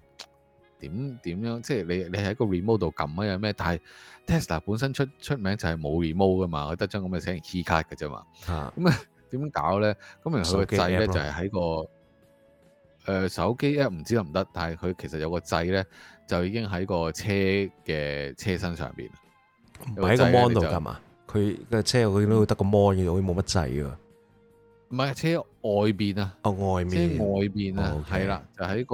點點樣，即係你你係喺個 remote 度撳啊，有咩？但係 Tesla 本身出出名就係冇 remote 噶嘛，我得將咁嘅寫成 keycard 嘅啫嘛。啊，咁啊點搞咧？咁佢個掣咧就係喺個誒手機 app，唔知得唔得？但係佢其實有個掣咧，就已經喺個車嘅車身上邊。唔喺個 mon 度㗎嘛？佢嘅車佢都得個 mon，佢冇乜掣㗎。唔係車外邊啊、哦，外面，即外邊啊，係啦、呃，就喺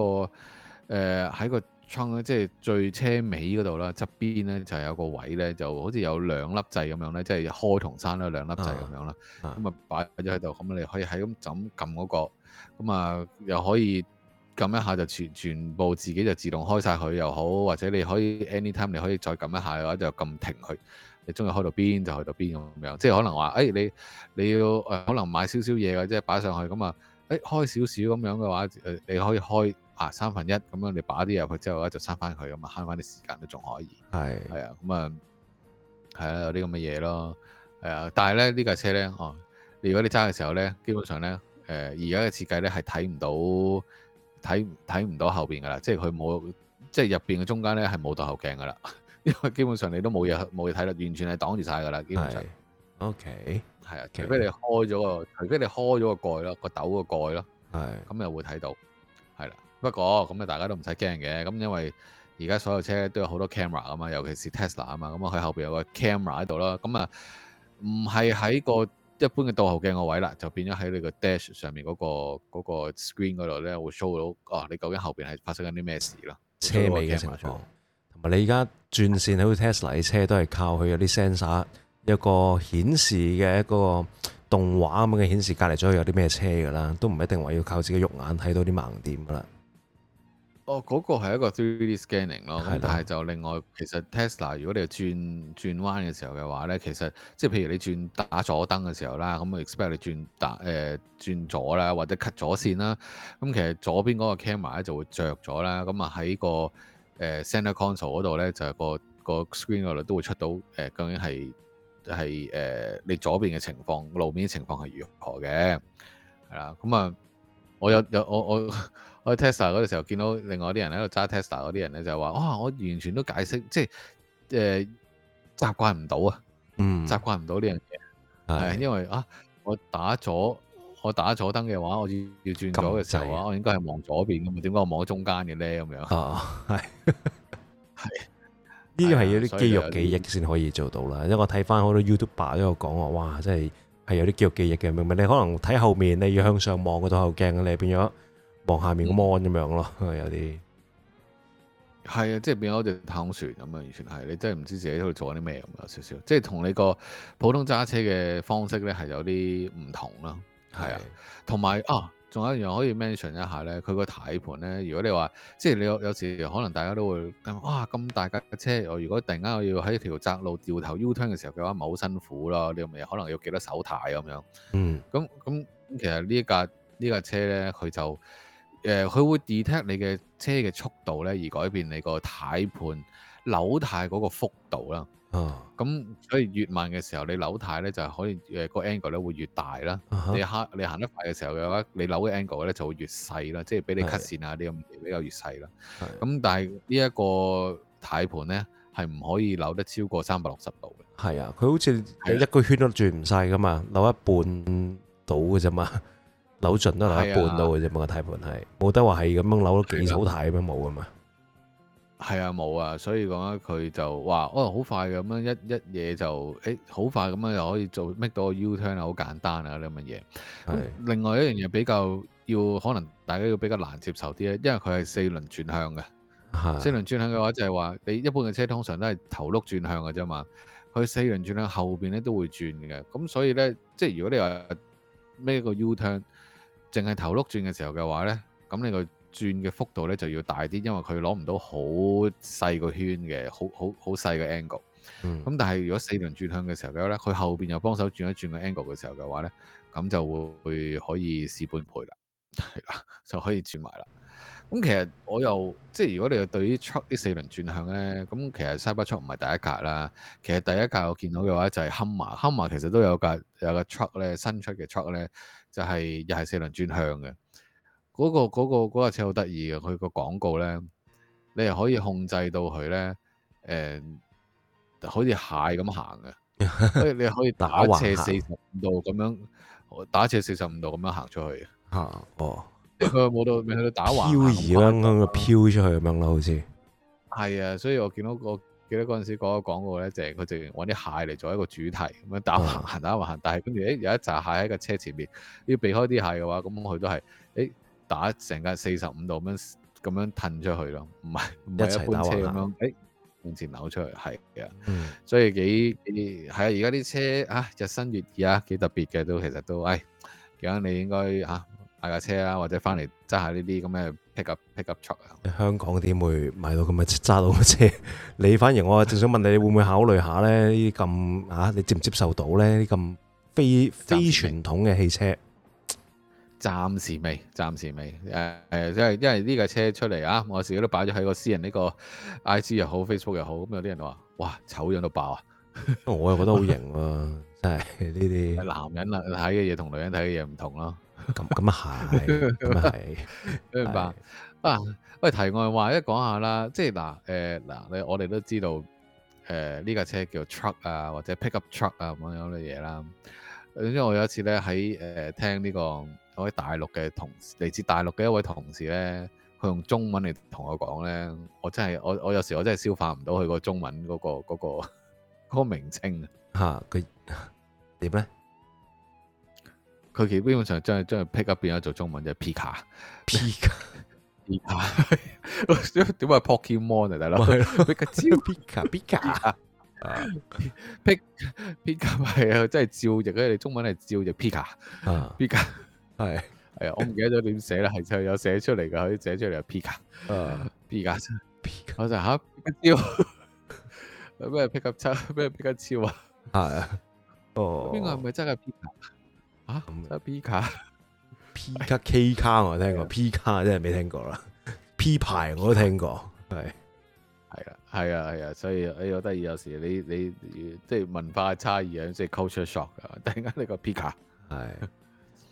個誒喺個窗，即係最車尾嗰度啦，側邊咧就有個位咧，就好似有兩粒掣咁樣咧，即係開同閂啦兩粒掣咁樣啦，咁啊擺咗喺度，咁、嗯、你可以喺咁就咁撳嗰個，咁、嗯、啊又可以撳一下就全全部自己就自動開晒佢又好，或者你可以 anytime 你可以再撳一下嘅話就撳停佢。你中意開到邊就去到邊咁樣，即係可能話，誒、欸、你你要誒、呃、可能買少少嘢嘅啫，擺上去咁啊，誒、欸、開少少咁樣嘅話，誒、呃、你可以開啊三分一咁樣，你擺啲入去之後咧就閂翻佢咁啊，慳翻啲時間都仲可以。係係是啊，咁啊係啊，有啲咁嘅嘢咯，係、呃、啊，但係咧呢架車咧，哦、呃，如果你揸嘅時候咧，基本上咧，誒而家嘅設計咧係睇唔到睇睇唔到後邊噶啦，即係佢冇即係入邊嘅中間咧係冇倒後鏡噶啦。因為基本上你都冇嘢冇嘢睇啦，完全係擋住晒噶啦，基本上。OK，係啊，除非你開咗個，除非你開咗個蓋咯，個斗個蓋咯，係是，咁又會睇到，係啦。不過咁啊，大家都唔使驚嘅，咁因為而家所有車都有好多 camera 啊嘛，尤其是 Tesla 啊嘛，咁、嗯、啊，佢後邊有個 camera 喺度啦，咁、嗯、啊，唔係喺個一般嘅倒後鏡個位啦，就變咗喺你個 dash 上面嗰、那個、那個 screen 嗰度咧會 show 到，哦、啊，你究竟後邊係發生緊啲咩事咯？車尾嘅情況。你而家轉線，好似 Tesla 嘅車都係靠佢有啲 sensor，一個顯示嘅一個動畫咁嘅顯示，隔離咗佢有啲咩車㗎啦，都唔一定話要靠自己肉眼睇到啲盲點㗎啦。哦，嗰、嗰個係一個 3D scanning 咯的，但係就另外，其實 Tesla 如果你係轉轉彎嘅時候嘅話咧，其實即係譬如你轉打左燈嘅時候啦，咁 expect 你轉打誒轉、呃、左啦，或者 cut 左線啦，咁其實左邊嗰個 camera 咧就會着咗啦，咁啊喺個誒 center console 嗰度咧就係、是、個個 screen 嗰度都會出到誒、呃、究竟係係誒你左邊嘅情況，路面嘅情況係如何嘅係啦。咁啊我有有我我我 Tesla 嗰個時候見到另外啲人喺度揸 Tesla 嗰啲人咧就話啊，我完全都解釋即係誒、呃、習慣唔到啊，嗯習慣唔到呢樣嘢係因為啊我打咗。我打左燈嘅話，我要要轉左嘅時候，咁樣，我應該係望左邊噶嘛？點解我望咗中間嘅咧？咁樣係係呢個係有啲肌肉記憶先可以做到啦。因為我睇翻好多 YouTuber 都有講，話哇，真係係有啲肌肉記憶嘅。明明你可能睇後面，你要向上望嗰度，嗯，後鏡你變咗望下面個芒咁樣咯，有啲係啊，即係變咗隻太空船咁啊，完全係你真係唔知自己喺度做緊啲咩咁啊，有少少即係同你個普通揸車嘅方式咧，係有啲唔同咯。係啊，同埋啊，仲、哦、有一樣可以 mention 一下咧，佢個軚盤咧，如果你話即係你有有時可能大家都會，哇，咁大架車，我如果突然間我要喺條窄路掉頭 U turn 嘅時候嘅話，咪好辛苦咯，你咪可能要幾多手軚咁樣。嗯，咁咁其實呢架呢架車咧，佢就佢、呃、會 detect 你嘅車嘅速度咧，而改變你個軚盤。扭太嗰個幅度啦，咁所以越慢嘅時候，你扭太咧就係可以誒個 angle 咧會越大啦。你行你行得快嘅時候嘅話，你扭嘅 angle 咧就會越細啦，即係俾你 cut 線啊啲咁嘅比較越細啦。咁但係呢一個軚盤咧係唔可以扭得超過三百六十度嘅。係啊，佢好似係一個圈都轉唔晒噶嘛，扭一半到嘅啫嘛，扭盡都扭一半到嘅啫。每個軚盤係冇得話係咁樣扭咗幾手軚咁樣，冇噶嘛。係啊，冇啊，所以講啊，佢就話哦，好快嘅咁樣一一嘢就誒，好快咁樣又可以做 make 到個 U turn 啊，好簡單啊啲咁嘅嘢。是另外一樣嘢比較要可能大家要比較難接受啲咧，因為佢係四輪轉向嘅。是四輪轉向嘅話，就係話你一般嘅車通常都係頭碌轉向嘅啫嘛。佢四輪轉向後邊咧都會轉嘅，咁所以咧即係如果你話 make a 個 U turn，淨係頭碌轉嘅時候嘅話咧，咁你個轉嘅幅度咧就要大啲，因為佢攞唔到好細個圈嘅，好好好細個 angle。咁、嗯、但係如果四輪轉向嘅時候咧，佢後邊又幫手轉一轉個 angle 嘅時候嘅話咧，咁就會可以試半倍啦，係啦，就可以轉埋啦。咁其實我又即係如果你係對於 truck 啲四輪轉向咧，咁其實 Cybertruck 唔係第一格啦，其實第一格我見到嘅話就係 Hummer，Hummer 其實都有架有個 truck 咧，新出嘅 truck 咧就係又係四輪轉向嘅。嗰、那個架、那個那個、車好得意嘅，佢個廣告咧，你係可以控制到佢咧，誒、呃，好似蟹咁行嘅， 你可以打斜四十五度咁樣，打斜四十五度咁樣行出去。嚇、啊！哦，佢冇到未去到打橫。漂移啦，咁樣漂出去咁樣咯，好似像。係啊，所以我見到個記得嗰陣時講嗰個廣告咧，就係、是、佢就揾啲蟹嚟做一個主題咁樣打橫行、啊、打橫行，但係跟住誒有一隻蟹喺個車前面，要避開啲蟹嘅話，咁佢都係誒。誒打成架四十五度咁樣咁樣褪出去咯，唔係唔係一般車咁樣，誒、哎、向前扭出去，係嘅，嗯、所以幾係啊！而家啲車啊日新月異啊，幾特別嘅都其實都誒，而、哎、家你應該嚇、啊、買架車啊，或者翻嚟揸下呢啲咁嘅 pick up pick up truck 啊！香港點會買到咁嘅揸到嘅車？ 你反而我正想問你，你會唔會考慮下咧？呢啲咁嚇你接唔接受到咧？呢啲咁非非傳統嘅汽車。暫時未，暫時未，誒、呃、誒，即係、因為因為呢架車出嚟啊，我自己都擺咗喺個私人呢個 IG 又好，Facebook 又好，咁 有啲人都話：哇，醜樣到爆啊！ 我又覺得好型喎，真係呢啲男人啊睇嘅嘢同女人睇嘅嘢唔同咯。咁咁啊係，係，你明白啊？喂，題外話一講下啦，即係嗱誒嗱，我哋都知道誒呢、呃、架車叫 truck 啊，或者 pickup truck 啊咁樣嘅嘢啦。因為我有一次咧喺誒聽呢、呢個。嗰位大陸嘅同事嚟自大陸嘅一位同事咧，佢用中文嚟同我講咧，我真係我我有時我真係消化唔到佢個中文嗰個嗰個嗰個名稱啊，嚇佢點咧？佢其實基本上真係將佢 Pickup 變咗做中文就係 Pickup Pickup Pickup，點解 Pokemon 大佬？Pickup 照 Pickup Pickup 啊，Pickup Pickup 係啊，真係照譯，因為中文係照譯 Pickup 啊 Pickup。係係啊，我唔記得咗點寫啦，係就有寫出嚟噶，可以寫出嚟啊。P 卡，P 卡真，P 卡就吓，乜雕？咩 P 卡真？咩 P 卡超啊？係，哦，邊個係咪真係 P 卡？啊，真 P 卡？P 卡 K 卡我聽過，P 卡真係未聽過啦。P 牌我都聽過，係，係啦，係啊，係啊，所以哎，好得意。有時你你即係文化差異啊，即係 culture shock 啊，突然間你個 P 卡係。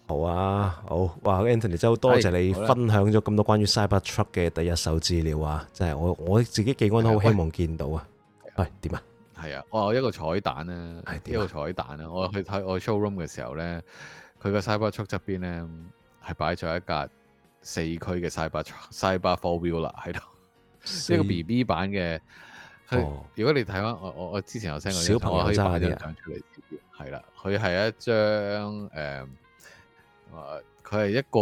好啊，好哇 Anthony 真好多謝你分享咗咁多關於 Cyber Truck 嘅第一手資料啊！真係我我自己幾安都好希望見到啊！係點啊？係、哎、啊，啊，我有一個彩蛋咧，哎啊啊、一個彩蛋啊彩蛋，我去睇我 Showroom 嘅時候咧，佢個 Cyber Truck 側邊咧係擺咗一架四驅嘅 Cyber t r Cyber Four Wheel 啦喺度，是一個 BB 版嘅。哦、如果你睇翻我我我之前有聽過啲、這個，我可以擺張出嚟。係啦，佢係一張誒。是啊！佢係一個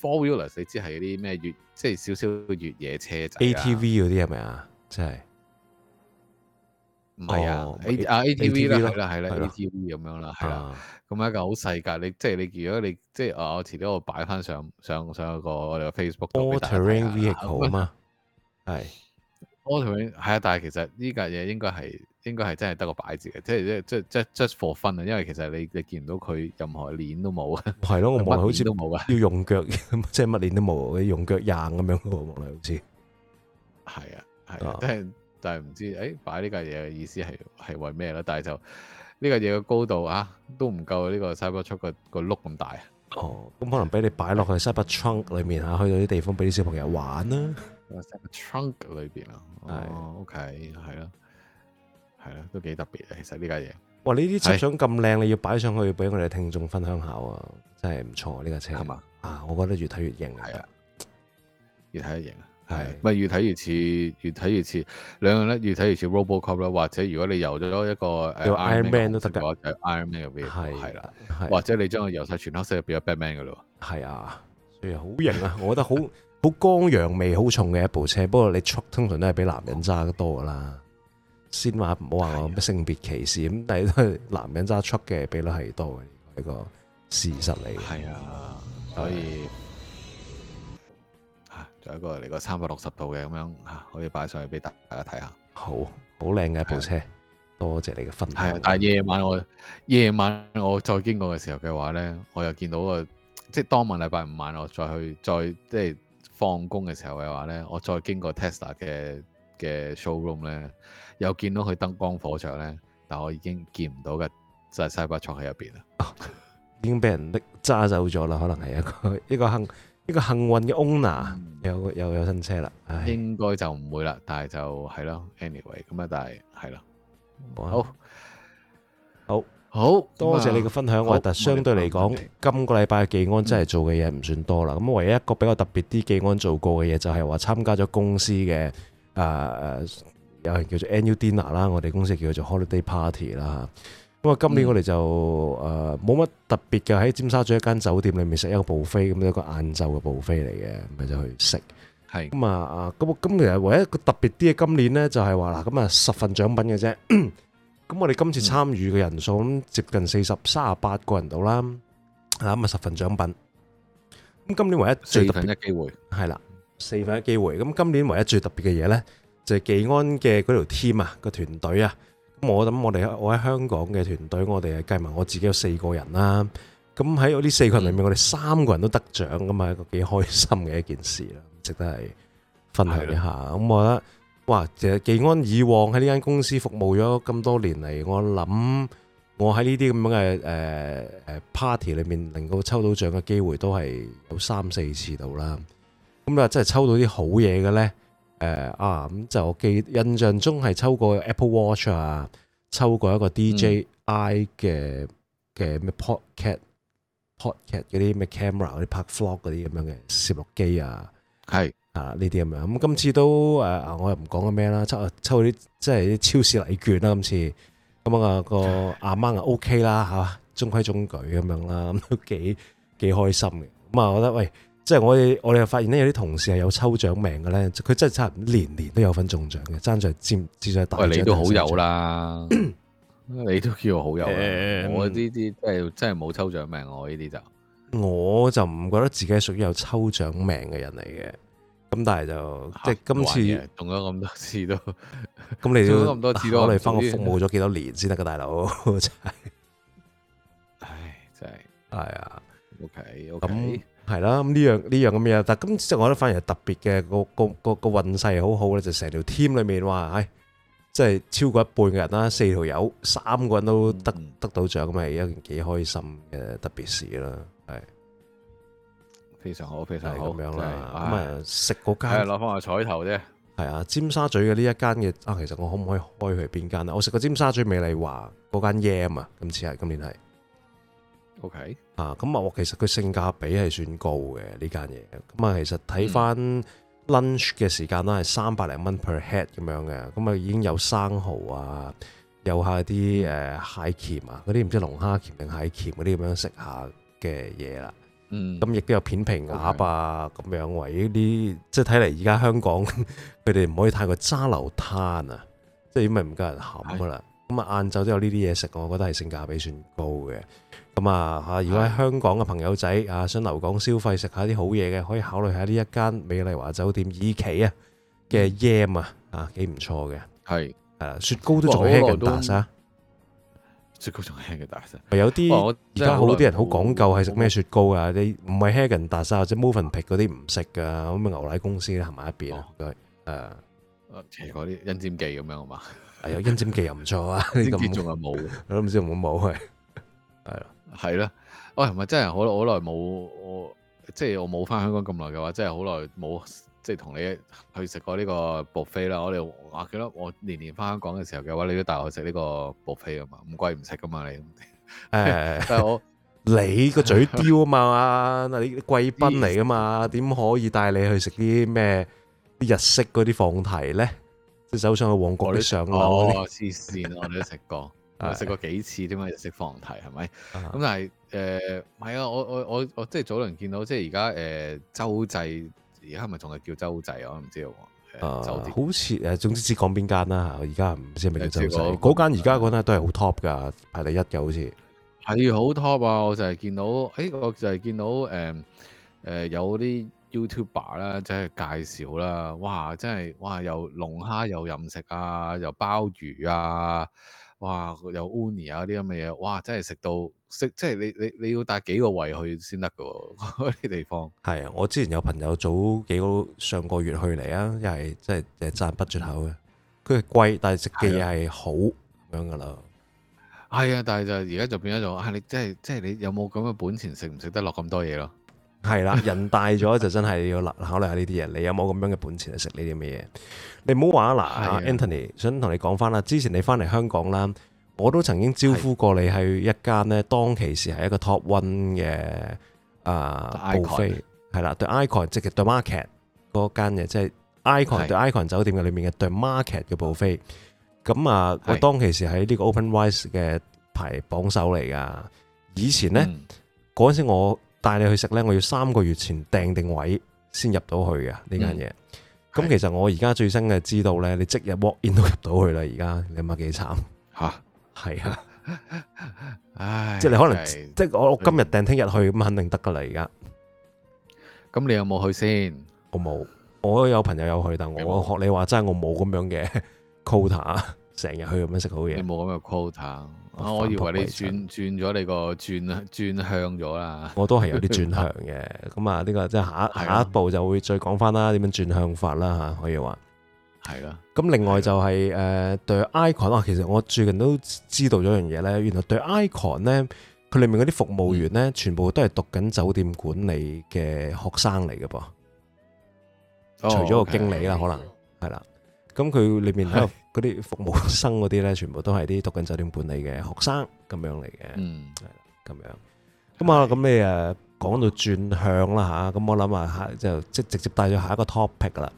four wheelers，你知係嗰啲咩越，即係少少越野車仔，ATV 嗰啲係咪啊？真係唔係啊！ATV 啦，係啦係啦 ATV 咁樣啦，係啦，咁一架好細噶。你即係你，如果你即係啊，我遲啲我擺翻上上上一個我哋個 Facebook。All terrain vehicle 啊嘛，係。我同你係啊，但係其實呢架嘢應該係應該係真係得個擺字嘅，即係即即即即 just for fun 啊！因為其實你你見唔到佢任何鏈都冇啊，係咯，我望嚟好似都冇啊，要用腳，即係乜鏈都冇，用腳硬咁樣個望嚟好似。係啊，係，但係但係唔知誒、哎，擺呢架嘢嘅意思係係為咩咧？但係就呢架嘢嘅高度啊，都唔夠呢個 Cybertruck 個個碌咁大啊。哦，咁可能俾你擺落去 Cybertruck 裏面啊，的去到啲地方俾啲小朋友玩啦。我成個 trunk 裏邊啊，哦，OK，係咯，係咯，都幾特別啊！其實呢架嘢，哇，呢啲車相咁靚，你要擺上去俾我哋聽眾分享下啊，真係唔錯啊！呢架車係嘛啊，我覺得越睇越型啊，係啊，越睇越型啊，係咪越睇越似越睇越似兩樣咧？越睇越似 RoboCop 啦，或者如果你游咗一個叫 Iron Man 都得噶，Iron Man 入邊係係啦，或者你將佢游晒全黑色入邊有 Batman 噶啦，係啊，所以好型啊，我覺得好。好光陽味好重嘅一部車，不過你出通常都係比男人揸得多噶啦。先話唔好話我性別歧視咁，啊、但係都係男人揸出嘅比率係多嘅一、呢個事實嚟。係啊，所以吓，再、啊、一個嚟個三百六十度嘅咁樣吓、啊，可以擺上去俾大大家睇下。好好靚嘅一部車，啊、多謝你嘅分享。係、啊，夜晚我夜晚我再經過嘅時候嘅話咧，我又見到個即係當晚禮拜五晚我再去再即係。放工嘅時候嘅話咧，我再經過 Tesla 嘅嘅 showroom 咧，show room，又見到佢燈光火灼咧，但我已經見唔到嘅就係 CyberTruck 喺入邊啦，已經俾人拎揸走咗啦，可能係一個一個，一個幸一個幸運嘅 owner 又、嗯、有有，有，有新車啦，哎、應該就唔會啦，但係就係咯，anyway 咁啊，但係係啦，哇好。好多謝你嘅分享。我話特相對嚟講，今個禮拜嘅技安真係做嘅嘢唔算多啦。咁唯一一個比較特別啲，技安做過嘅嘢就係話參加咗公司嘅誒誒，有人叫做 annual dinner 啦，我哋公司叫做 holiday party 啦。咁啊，今年我哋就誒冇乜特別嘅，喺尖沙咀一間酒店裏面食一個 buffet，咁一個晏晝嘅 buffet 嚟嘅，咪就去食。係咁啊啊！咁咁其實唯一個特別啲嘅今年咧，就係話嗱，咁啊十份獎品嘅啫。咁我哋今次參與嘅人數咁接近四十三十八個人度啦，係咁啊十份獎品。咁今年唯一最特別嘅機會係啦，四份一嘅機會。咁今年唯一最特別嘅嘢咧，就係、是、技安嘅嗰條 team 啊，個團隊啊。咁我諗我哋我喺香港嘅團隊，我哋係計埋我自己有四個人啦。咁喺我呢四個人裏面，嗯、我哋三個人都得獎㗎嘛，一、那個幾開心嘅一件事啦，值得係分享一下。咁的我覺得。哇！其實技安以往喺呢間公司服務咗咁多年嚟，我諗我喺呢啲咁樣嘅誒誒 party 裏面，能夠抽到獎嘅機會都係有三四次、嗯嗯、到啦。咁、呃、啊，真係抽到啲好嘢嘅咧，誒啊！咁就我記印象中係抽過 Apple Watch 啊，抽過一個 DJI 嘅嘅咩 podcast podcast 嗰啲咩 camera 嗰啲拍 vlog 嗰啲咁樣嘅攝錄機啊，係。啊！呢啲咁樣咁今次都誒、啊，我又唔講緊咩啦，抽啊抽啲即係啲超市禮券啦。嗯、今次咁、嗯、啊個阿媽,媽就 OK 啊 OK 啦嚇，中規中矩咁樣啦，咁都幾幾開心嘅。咁、嗯、啊，我覺得喂，即係我哋我哋又發現咧，有啲同事係有抽獎命嘅咧，佢真係差唔多年年都有份中獎嘅，爭在佔佔在大。你都好友啦， 你都叫好有、呃、我呢啲真係真係冇抽獎命、啊，我呢啲就我就唔覺得自己係屬於有抽獎命嘅人嚟嘅。咁但係就即係今次，同咗咁多次都，咁你都我哋翻去服務咗幾多年先得㗎，大佬真係，唉，真係，係啊，OK，OK，咁係啦，咁呢樣呢樣咁嘢，但係今次即係我覺得反而特別嘅個個個個運勢好好咧，就成條 team 裏面話，唉，即係超過一半嘅人啦，四條友三個人都得得到獎，咁係一件幾開心嘅特別事啦，係。非常好，非常好咁樣啦。咁啊，食嗰間攞翻個彩頭啫。係啊，尖沙咀嘅呢一間嘅啊，其實我可唔可以開去邊間啊？我食過尖沙咀美麗華嗰間 Yam 啊嘛，咁似係今年係。OK 啊，咁、嗯、啊，嗯嗯嗯、其實佢性價比係算高嘅呢間嘢。咁啊，嗯、其實睇翻 lunch 嘅時間啦，係三百零蚊 per head 咁樣嘅。咁啊，已經有生蠔啊，有下啲誒蟹鉗啊，嗰啲唔知龍蝦鉗定蟹鉗嗰啲咁樣食下嘅嘢啦。咁亦都有片皮鴨啊，咁 Okay. 樣為呢啲，即係睇嚟而家香港佢哋唔可以太過渣流灘啊，即係因為唔夠人冚噶啦。咁啊，晏晝都有呢啲嘢食，我覺得係性價比算高嘅。咁啊吓，如果喺香港嘅朋友仔啊是的 想留港消費食下啲好嘢嘅，可以考慮下呢一間美麗華酒店以期啊嘅 Yam 啊，啊幾唔錯嘅。係的，雪糕 az, 都仲係咁大。雪糕仲輕嘅大沙，有啲而家好啲人好講究係食咩雪糕啊？哦、你唔係 Häagen-Dazs 或者 Movenpick 嗰啲唔食噶，咁咪、哦、牛奶公司行埋一邊。誒、哦，誒、呃，嗰啲甄沾記咁樣好嘛？有甄、 哎、沾記又唔錯啊，甄沾記仲係冇，我都唔知有冇冇係。係啦，係啦，喂，唔係真係好好耐冇，我即係我冇翻香港咁耐嘅話，真係好耐冇。即係同你去食過呢個薄飛啦，我哋話記得我年年翻香港嘅時候嘅話，你都帶我去食呢個薄飛啊嘛，唔貴唔食噶嘛你。誒、哎呀， 但係我你個嘴刁啊嘛，嗱 你貴賓嚟啊嘛，點可以帶你去食啲咩？啲日式嗰啲放題咧，走上去旺角啲上樓。黐線我哋都食過，食 過幾次，點解日式放題係咪？咁、uh huh. 但係誒，係、呃、啊！我我我我即係早輪見到，即係而家誒周制。呃而家係咪仲係叫周仔，我唔知喎。誒、啊，周仔好似誒，總之知講邊間啦。而家唔知係咪叫周仔？嗰間而家嗰間都係好 top 噶，排第一嘅好似係好 top 啊！我就係見到，誒、欸，我就係見到誒誒、嗯呃、有啲 YouTuber 啦，即係介紹啦。哇！真係，哇！又龍蝦又任食啊，又鮑魚啊～哇，有 uni 啊啲咁嘅嘢，哇，真係食到食，即係你你你要帶幾個胃去先得㗎喎，嗰啲地方。係啊，我之前有朋友早幾個上個月去嚟啊，又係即係誒讚不絕口嘅。佢係貴，但係食嘅嘢係好咁樣噶啦。係啊，但係就而家就變咗一種，你即係即係你有冇咁嘅本錢食唔食得落咁多嘢咯？係啦，人大咗就真係要考慮下呢啲嘢。你有冇咁樣嘅本錢去食呢啲嘅嘢？你唔好話啦，Anthony，想同你講翻啦。之前你翻嚟香港啦，我都曾經招呼過你，喺一間咧當其時係一個 top one 嘅的啊，buffet 係啦，對 the icon, icon 即係對 market 嗰間嘢，即、就、係、是、icon 對的 icon 酒店嘅裏面嘅對 market 嘅 buffet。咁的啊，我當其時喺呢個 open w i s e 嘅排榜首嚟噶。以前咧嗰陣時我。帶你去食呢，我要三個月前訂定位先入到去嘅呢間嘢。咁、嗯、其實我而家最新嘅知道呢，你即日 walk in 都入到去啦。而家你諗下幾慘吓？係蛤啊， 唉，即係你可能是即係我今日訂聽日去，咁肯定得噶啦。而家咁你有冇去先？我冇，我都有朋友有去，但我學你話齋，我冇咁樣嘅 quota，成日去咁樣食好嘢，你冇咁嘅 quota。啊！我以為你轉轉咗你個轉啊，轉向咗啦。我都係有啲轉向嘅，咁啊呢個即係下下一步就會再講翻啦，點樣轉向法啦嚇，可以話。係啦的。咁另外就係誒對 Icon 啊，其實我最近都知道咗樣嘢咧，原來對 Icon 咧，佢裏面嗰啲服務員咧，全部都係讀緊酒店管理嘅學生嚟嘅噃。嗯、除咗個經理啦，哦、okay，可能係啦。咁佢裏面喺度。嗰啲服務生嗰啲咧，全部都係啲讀緊酒店管理嘅學生咁樣嚟嘅，係啦咁樣。咁啊的，咁、嗯、你誒講到轉向啦嚇，咁我諗啊，就即直接帶咗下一個 topic 啦。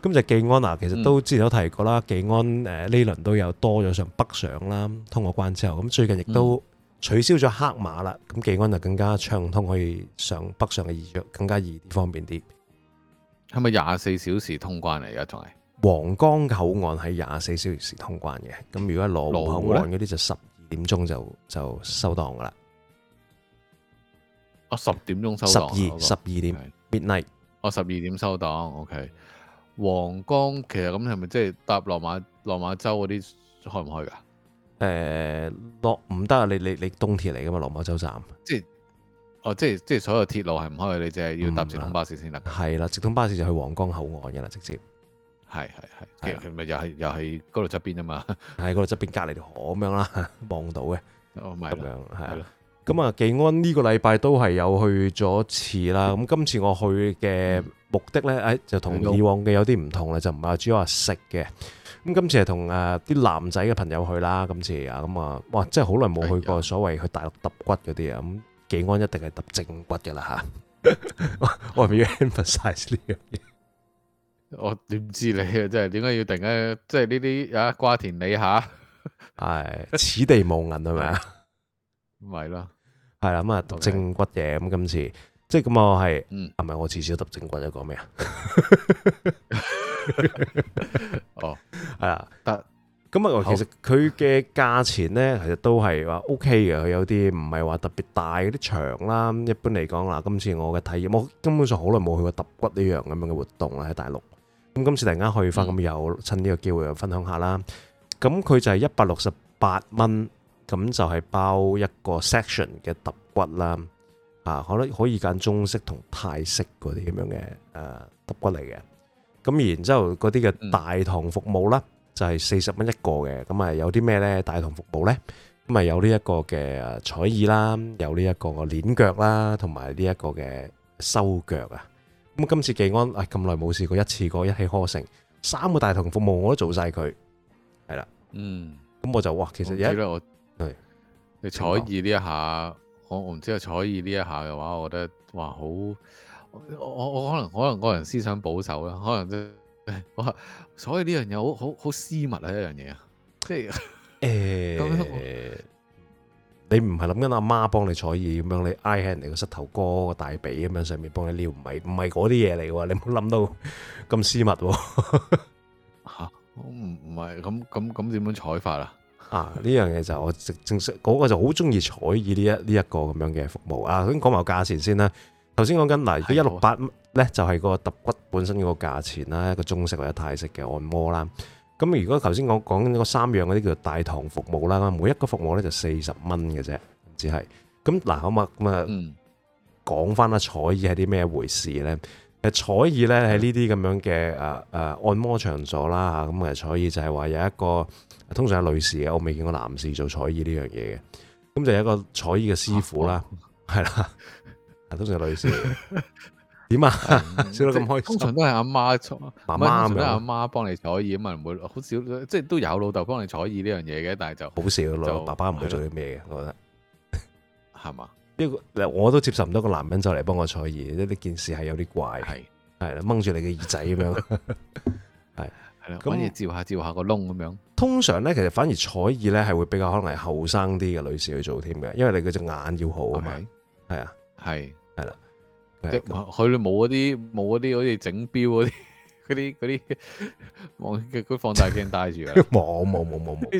咁就技安嗱，其實都之前都提過啦，技、嗯、安誒呢輪都有多咗上北上啦，通過關之後，咁最近亦都取消咗黑馬啦，咁技、嗯、安就更加暢通，可以上北上嘅易，更加易啲，方便啲。係咪廿四小時通關嚟噶？仲係？皇崗口岸喺廿四小時通關嘅，咁如果羅湖口岸嗰啲就十二點鐘就就收檔噶啦。我十點鐘收十二十二點 midnight。哦，十二點收檔。OK。皇崗其實咁係咪即係搭羅馬羅馬州嗰啲開唔開噶？誒、呃，羅唔得啊！你你你東鐵嚟噶嘛？羅馬州站即係哦，即係即係所有鐵路係唔開，你就係要搭直通巴士先得。係啦、嗯，直通巴士就去皇崗口岸嘅啦，直接。係係係，其實又係又係嗰度側邊啊嘛，喺嗰度側邊隔籬度咁樣啦，望到嘅，咁樣係咯。咁啊，技安呢個禮拜都係有去咗一次啦。咁今次我去嘅目的咧，誒，就同以往嘅有啲唔同啦，就唔係主要話食嘅。咁今次係同誒啲男仔嘅朋友去啦。今次啊，咁啊，哇，真係好耐冇去過所謂去大陸揼骨嗰啲啊。咁技安一定係揼正骨噶啦吓。我係咪要 emphasize 呢樣嘢。我點知你啊？即係點解要定咧？即係呢啲啊瓜田李下，係、啊、此地無銀係咪啊？唔係啦係啦，咁啊，揼正骨嘅，咁今次，即係咁我係，係咪、嗯啊、我至少揼正骨就講咩啊？ 哦，係啊的，得咁啊，我其實佢嘅價錢咧，其實都係話 OK 嘅，佢有啲唔係話特別大啲長啦。一般嚟講嗱，今次我嘅體驗，我根本上好耐冇去過揼骨呢樣咁樣嘅活動啦，喺大陸。咁今次突然間去翻，咁又趁呢個機會又分享下啦。咁佢就係一百六十八蚊，咁就係包一個 section 嘅揼骨啦。啊，可能可以揀中式同泰式嗰啲咁樣嘅誒揼骨嚟嘅。咁然之後嗰啲嘅大堂服務啦，就係四十蚊一個嘅。咁啊有啲咩咧大堂服務咧？咁啊有呢一個嘅採耳啦，有呢一個嘅捻腳啦，同埋呢一個嘅修腳啊。咁今次技安，哎，咁耐冇試過一次過一氣呵成，三個大同服務我都做晒佢，係啦，嗯，咁我就哇，其實而家，係的你採耳呢一下況，我我唔知啊採耳呢一下嘅話，我覺得哇好，我我可能可能個人思想保守啦，可能都、就是，哇，所以呢樣嘢好好好私密啊，呢樣嘢啊，即係誒。欸 你唔係諗緊阿媽幫你採耳咁樣，你挨喺人哋個膝頭哥個大髀咁樣上面幫你撩，唔係唔係嗰啲嘢嚟喎。你唔好諗到咁私密喎。嚇，唔唔係咁咁咁點樣採法 啊？啊，呢樣嘢就我正式嗰個就好中意採耳呢一呢一個咁樣嘅服務啊。先講埋價錢先啦。頭先講緊嗱，佢一六八咧就係個揼骨本身個價錢啦，一個中式或者泰式嘅按摩啦。咁如果頭先我講緊嗰三樣嗰啲叫做大堂服務啦，每一個服務咧就四十蚊嘅啫，只係咁嗱，好嘛咁啊，講翻阿採耳係啲咩回事咧？誒採耳咧喺呢啲咁樣嘅誒誒按摩場所啦嚇，咁啊採耳就係話有一個通常係女士嘅，我未見過男士做採耳呢樣嘢嘅，咁、嗯、就有一個採耳嘅師傅啦，係啦、啊，通常係女士。 點啊？笑到咁開心，通常都係阿媽做，唔係通常都係阿媽幫你採耳啊嘛？唔會好少，即係都有老豆幫你採耳呢樣嘢嘅，但係就好少咯。爸爸唔會做啲咩嘅，我覺得係嘛？呢個我都接受唔到個男人就嚟幫我採耳，即係呢件事係有啲怪，係係啦，掹住你嘅耳仔咁樣，係係啦，咁你照下照下個窿咁樣。通常咧，其實反而採耳咧係會比較可能係後生啲嘅女士去做添嘅，因為你嗰隻眼要好啊嘛，係啊，係係啦。佢哋冇嗰啲冇嗰啲好似整表嗰啲嗰啲嗰啲望嘅嗰放大鏡戴住啊！冇冇冇冇冇，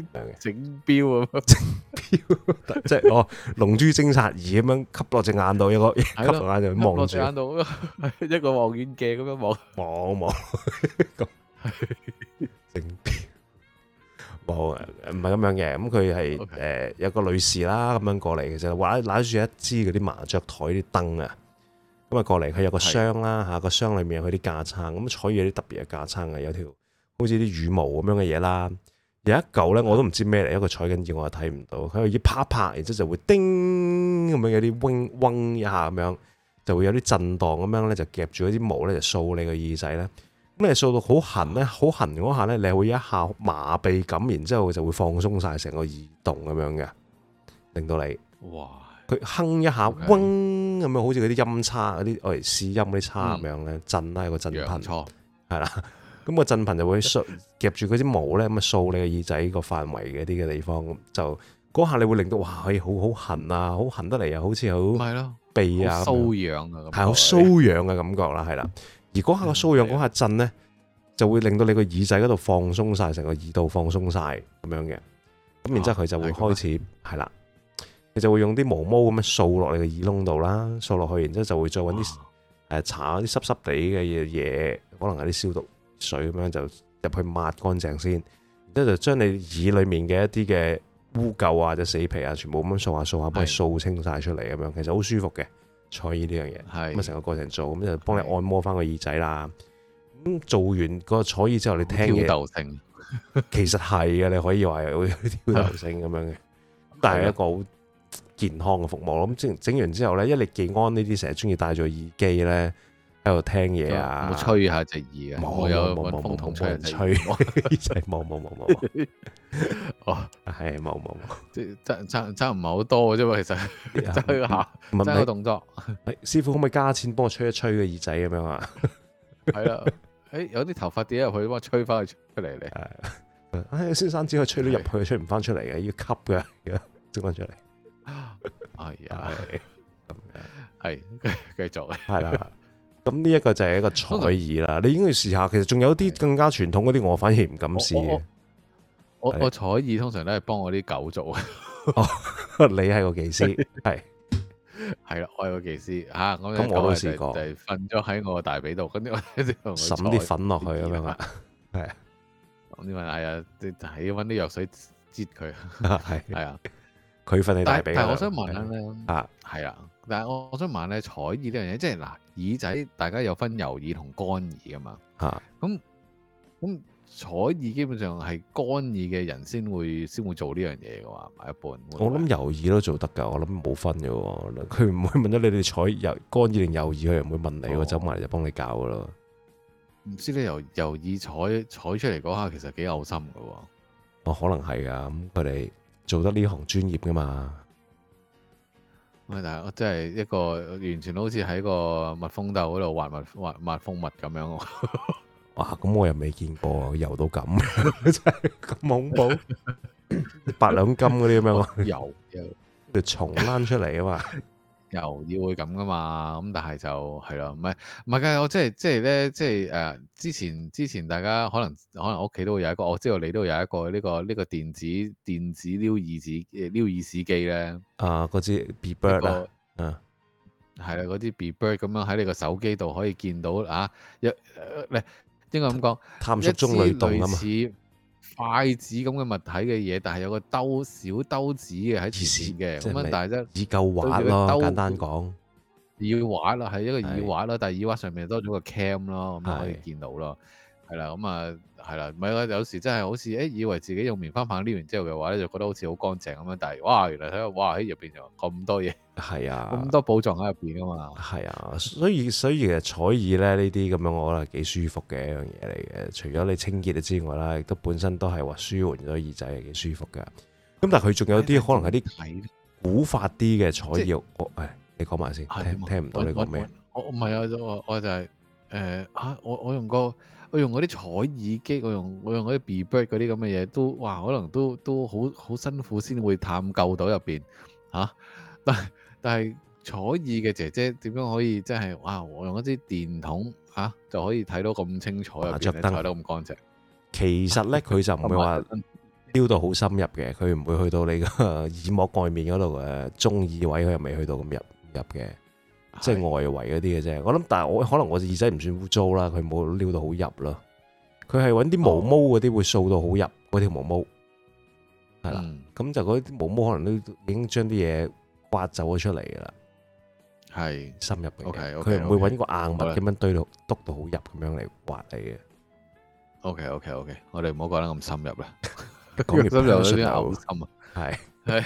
整表啊！整表即係 哦，龍珠偵察儀咁樣吸落隻眼度，一個吸落眼度望住眼度，一個望遠鏡咁樣望望望，的整表冇，唔係咁樣嘅。咁佢係誒有個女士啦，咁樣過嚟嘅就玩攞住一支嗰啲麻雀台啲燈啊！咁啊，過嚟佢有個箱啦嚇，個的箱裏面有佢啲架撐，咁彩嘢啲特別嘅架撐嘅，有條好似啲羽毛咁樣嘅嘢啦。有一嚿咧我，我都唔知咩嚟，一個採緊耳我又睇唔到，佢可以啪啪，然之後就會叮咁樣有啲嗡嗡一下咁樣，就會有啲震盪咁樣咧，就夾住嗰啲毛咧，就掃你個耳仔咧。咁你掃到好痕咧，好痕嗰下咧，你會一下麻痹感，然之後就會放鬆晒成個耳洞咁樣嘅，令到你哇～佢哼一下，嗡咁樣，好似嗰啲音叉，嗰啲我嚟試音啲叉咁樣咧，震啦個震頻，係啦，咁個震頻就會掃夾住嗰啲毛咧，咁啊掃你個耳仔個範圍嘅啲嘅地方，就嗰下你會令到哇，係好好痕啊，好痕得嚟啊，好似好鼻啊，搔癢啊，係好搔癢嘅感覺啦，係啦，而嗰下個搔癢，嗰下震咧就會令到你個耳仔嗰度放鬆晒，成個耳道放鬆晒咁樣嘅，咁然之後佢就會開始係啦。你就會用啲毛毛咁樣掃落你嘅耳窿度啦，掃落去，然之後就會再揾啲誒擦啲濕濕地嘅嘢，可能係啲消毒水咁樣就入去抹乾淨先，然之後就將你耳裡面嘅一啲嘅污垢啊、隻死皮啊，全部咁樣掃下掃下，幫你掃清晒出嚟咁樣，是其實好舒服嘅採耳呢樣嘢，咁啊成個過程做，咁就幫你按摩翻個耳仔啦。咁做完個採耳之後，你聽嘢，其實係嘅，你可以話會有啲挑逗性咁樣嘅， 但係一個好健康嘅服務咯，咁整整完之後咧，一力技安呢啲成日中意戴住耳機咧，喺度聽嘢啊，吹下隻耳啊，冇有冇風筒吹？吹耳仔冇冇冇冇，哦，係冇冇冇，即係差差差唔係好多嘅啫嘛，其實，吹個下，問個動作，師傅可唔可以加錢幫我吹一吹個耳仔咁樣啊？係啦，誒，有啲頭髮跌入去，幫我吹翻佢出嚟嚟。誒，先生只可以吹到入去，吹唔翻出嚟嘅，要吸嘅，吸翻出嚟。係啊，係咁嘅，係繼續係啦。咁呢一個就係一個採耳啦，你應該試下。其實仲有啲更加傳統嗰啲，我反而唔敢試嘅。我我採耳通常都係幫我啲狗做。哦，你係個技師，係係啦，我係個技師。吓，咁我都試過。就瞓咗喺我大髀度，跟住我，沈啲粉落去咁樣。係啊，咁你問，哎呀，就係要搵啲藥水擠佢。係係啊。佢分你大髀啦。但但我想問咧，較啊，係啦、啊，但係我想問咧，採耳呢樣嘢，即係嗱，耳仔大家有分油耳同乾耳噶嘛？啊，咁咁採耳基本上係乾耳嘅人先會先會做呢樣嘢嘅話，一半。我諗油耳都做得噶，我諗冇分嘅。佢唔會問咗你哋採油乾耳定油耳，佢唔會問你，佢、哦、走埋嚟就幫你搞噶咯。唔知咧，由油耳採採出嚟嗰下，其實幾嘔心噶、哦。哦，可能係噶，咁佢哋。做得呢行專業㗎嘛？但係我真係一個完全好似喺個蜜蜂竇嗰度挖蜜挖蜜蜂蜜咁樣喎。哇！咁我又未見過遊到咁， 真係咁恐怖， 八兩金嗰啲咁樣遊，條蟲攤出嚟啊嘛！又要會咁噶嘛？咁但係就係咯，唔係唔係嘅，我即係即係咧，即係誒、啊、之前之前大家可能可能屋企都會有一個，我知道你都有一個呢個呢個電子電子撈耳子誒撈耳屎機咧啊，嗰支 Bebird 啦，嗯係啦，嗰支 Bebird 咁樣喺你個手機度可以見到啊，又誒呢應該咁講，探出中雷動啊嘛～筷子咁嘅物體嘅嘢，但係有個兜小兜子嘅喺前面嘅，咁樣但係真係夠玩咯，簡單講耳環啦，係一個耳挖啦，的但係耳挖上面多咗個 cam 咯，咁的可以見到咯，係啦的，咁、嗯、啊～係啦，唔係我有時真係好似誒、欸，以為自己用棉花棒搣完之後嘅話咧，就覺得好似好乾淨咁樣，但係哇，原來睇下哇喺入邊又咁多嘢，係啊，咁多寶藏喺入邊啊嘛，係啊，所以所以其實採耳咧呢啲咁樣我覺得幾舒服嘅一樣嘢嚟嘅，除咗你清潔之外啦，亦都本身都係話舒緩咗耳仔係幾舒服噶。咁的但係佢仲有啲的可能係啲古法啲嘅採耳，誒的、哎，你講埋先，的聽唔聽唔的到你講咩？我唔係啊，我就係誒嚇，我我，我用個。我用嗰啲採耳機，我用我用嗰啲 Bebird 嗰啲咁嘅嘢，都哇可能都都好好辛苦先會探究到入邊嚇。但但係採耳嘅姐姐點樣可以即係哇？我用一支電筒嚇、啊、就可以睇到咁清楚入邊，睇到咁乾淨。乾淨，其實咧佢就唔會話撩到好深入嘅，佢唔會去到你個耳膜外面嗰度誒中耳位，佢又未去到咁入入嘅。即係外圍嗰啲嘅啫，我諗，但係我可能我耳仔唔算污糟啦，佢冇撩到好入咯。佢係揾啲毛毛嗰啲會掃到好入嗰條毛毛，係啦，咁就嗰啲毛毛可能都已經將啲嘢刮走咗出嚟啦。係深入嘅，佢唔會揾個硬物咁樣堆到篤到好入咁樣嚟刮你嘅。OK OK OK，我哋唔好講得咁深入啦，講完兩句先，我嘔心啊。係係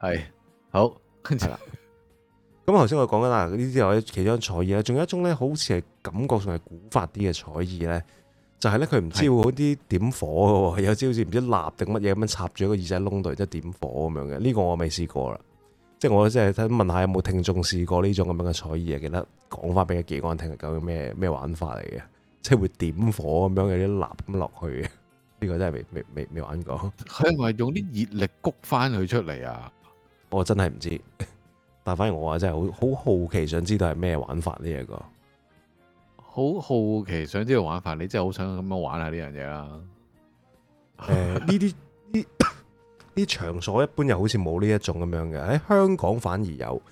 係，好，跟住。咁啊！頭先我講緊啦，呢啲又其中一種採耳啦。仲有一種咧，好似係感覺上係古法啲嘅採耳。咧，就係咧佢唔知會啲點火嘅喎，是的 有啲好似唔知蠟定乜嘢咁樣插住一個耳仔窿度，即係點火咁樣嘅。呢個我未試過啦，即係我真係想問下有冇聽眾試過呢種咁樣嘅採耳，記得講翻俾技安聽。究竟咩咩玩法嚟嘅？即係會點火咁樣有啲蠟咁落去嘅？呢、這個真係未未未玩過。係咪用啲熱力谷翻佢出嚟啊？我真係唔知。但反而我啊，真係好好好奇，想知道係咩玩法呢？一個好好奇想知道玩法，你真係好想咁樣玩下呢樣嘢啦，誒、 呃，呢啲呢啲場所一般又好似冇呢一種咁樣嘅，喺香港反而有，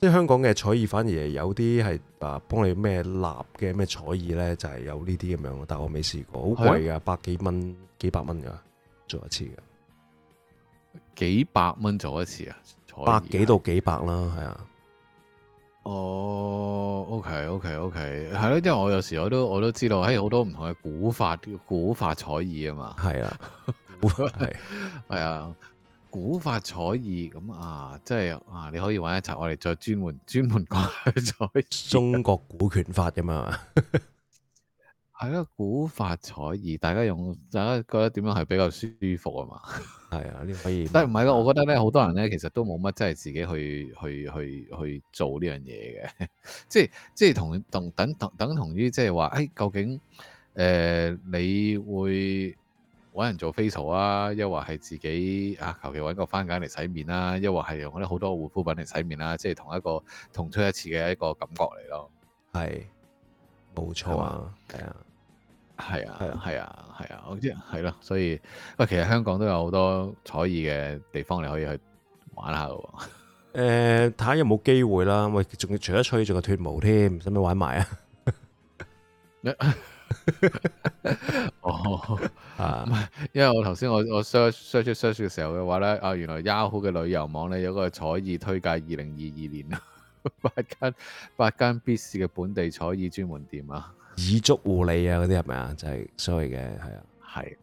即、就、係、是、香港嘅採耳反而係有啲係啊，幫你咩立嘅咩採耳咧，就係、是、有呢啲咁樣。但我未試過，好貴噶，啊、百幾蚊、幾百蚊噶，做一次嘅，幾百蚊做一次啊！百幾到幾百啦，係啊。哦，OK，OK，OK，係咯，因為我有時我都我都知道喺好多唔同嘅古法古法採耳啊嘛，係啊，係係法 啊，啊，古法採耳咁啊，即係啊，你可以玩一集，我哋再專門專門講下再中國股權法咁嘛。 係咯，古法採耳，大家用大家覺得點樣係比較舒服啊嘛？係啊，呢個可以。但係唔係咯？我覺得咧，好多人咧，其實都冇乜真係自己去去去去做呢樣嘢嘅。即係即係同同等等等同於即係話，誒、哎，究竟誒、呃、你會搵人做 facial 啊？抑或係自己啊，求其搵個番枧嚟洗面啦、啊？抑或係用啲好多護膚品嚟洗面啦、啊？即係同一個同出一次嘅一個感覺嚟咯。係，冇錯啊。係啊錯。係啊，係啊，係啊，係啊，我知、啊，係咯、啊，所以喂，其實香港都有好多採耳嘅地方你可以去玩下嘅、啊。誒、呃，睇下有冇機會啦。喂，仲要除咗吹仲有脫毛添，使唔使玩埋啊？ 哦，啊，唔係，因為我頭先我我 search search search 嘅時候嘅話咧，啊，原來 Yahoo 嘅旅遊網咧有個採耳推介二零二二年八間八間必試嘅本地採耳專門店啊。以護理啊嗰啲係咪啊？就係所謂嘅係啊，係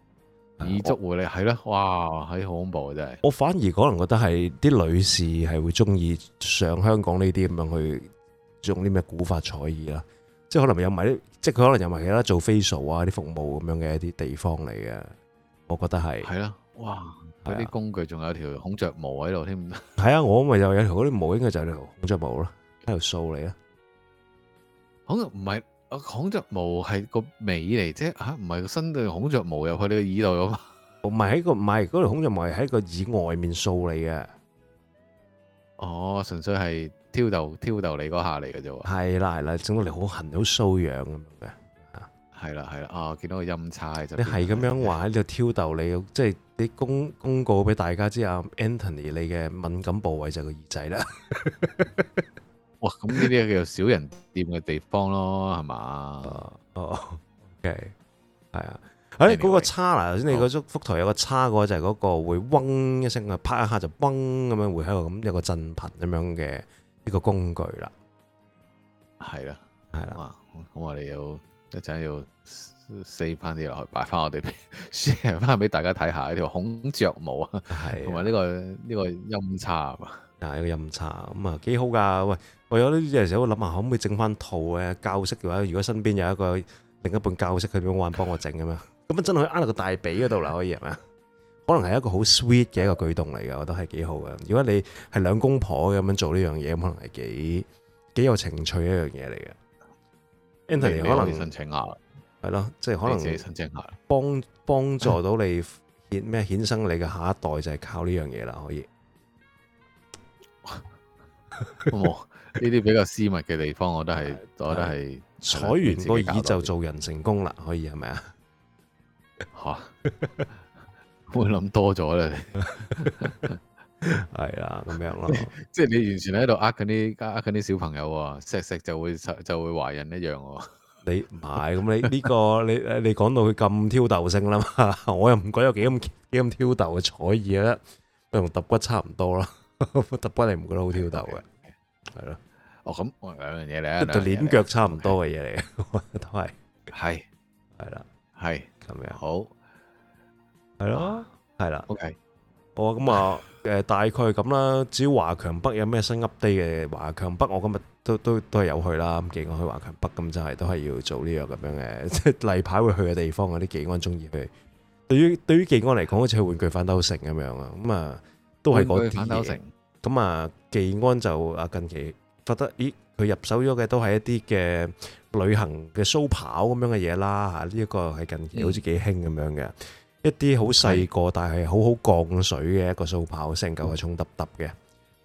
耳足護理係咯我，哇，嘿，好恐怖真，啊、係。我反而可能覺得係啲女士係會中意，上香港呢啲咁樣去用啲咩古法採耳啦，即係可能有埋啲，即係佢可能有埋其他做 facial 啊，啲服務咁樣嘅一啲地方嚟嘅，我覺得係。係咯，哇，嗰啲，啊、工具仲有條孔雀毛喺度添。係了 啊，我咪又有條嗰啲毛，應該就係條孔雀毛咯，一條掃嚟啊，可能唔係。孔雀毛係個尾嚟啫，嚇唔係個身對孔雀毛入去你個耳度咁？唔係喺個唔係嗰條孔雀毛係喺個耳外面掃你嘅。哦，純粹係挑逗挑逗你嗰下嚟嘅啫喎。係啦係啦，整到你好痕好騷癢咁嘅。係啦係啦，啊見到個陰差就。你係咁樣話喺度挑逗你，即係你公公告俾大家知啊，Anthony 你嘅敏感部位就係個耳仔啦。 哇，咁呢啲叫做小人店嘅地方咯，係嘛 吧？哦、oh,，OK，係啊，誒、哎，嗰 Anyway, 個叉啦、啊，頭先你嗰張幅圖有個叉嘅話，就係、是、嗰個會嗡一聲啊，啪一下就嗡，咁樣，會喺度咁有個震頻咁樣嘅呢個工具啦，係啦、啊，係啦、啊，咁、啊啊、我哋要一陣要四翻啲落去擺翻我哋 share 翻俾大家睇下，呢、這、條、個、孔雀毛啊，係、這個，同埋呢個呢個音叉啊。嗱、嗯，有飲茶咁啊，幾好噶！喂，我有時候會諗下，可唔可以整翻套嘅教識嘅話，如果身邊有一個另一半教識，佢畀我玩，幫我整嘅咩？咁啊，真係可以壓落個大髀嗰度啦，可以係咪？可能係一個好 sweet 嘅一個舉動嚟嘅，我覺得係幾好嘅。如果你係兩公婆咁樣做呢樣嘢，咁可能係幾幾有情趣一樣嘢嚟嘅。你 Anthony 可能你可以申請下，係咯，即、就、係、是、可能幫申請幫、幫助到你咩衍生你嘅下一代就係靠呢樣嘢啦，可以。冇呢啲比較私密嘅地方，我都係，我都係採完個耳就做人成功啦，可以係咪啊？吓，會諗哈 多咗啦，係啊，咁樣咯，即係 你完全喺度呃緊啲，呃緊啲小朋友啊，錫錫就會就會懷孕一樣哦、啊 這個。你唔係咁，你呢個你你講到佢咁挑逗性啦嘛，我又唔覺有幾咁幾咁挑逗嘅採耳佢同揼骨差唔多咯。我特歸你唔覺得好挑逗嘅，係咯？哦，咁，兩樣嘢嚟，就連腳差唔多嘅嘢嚟，都係係係啦，係咁樣好，係咯，係啦。OK，好啊，咁啊，誒，大概係咁啦。至於華強北有咩新 update 嘅，華強北，我今日都都都係有去啦。技安去華強北咁就係都係要做呢個咁樣嘅，即係例牌會去嘅地方啊。啲技安中意去，對於對於技安嚟講好似玩具反斗城咁樣啊，咁啊。都係嗰啲嘢，咁啊，技安就啊近期覺得，咦，佢入手咗嘅都係一啲嘅旅行嘅鬚刨咁樣嘅嘢啦，嚇呢一個係近期好似幾興咁樣嘅，一啲好細個但係好好降水嘅一個鬚刨，成嚿係充揼揼嘅，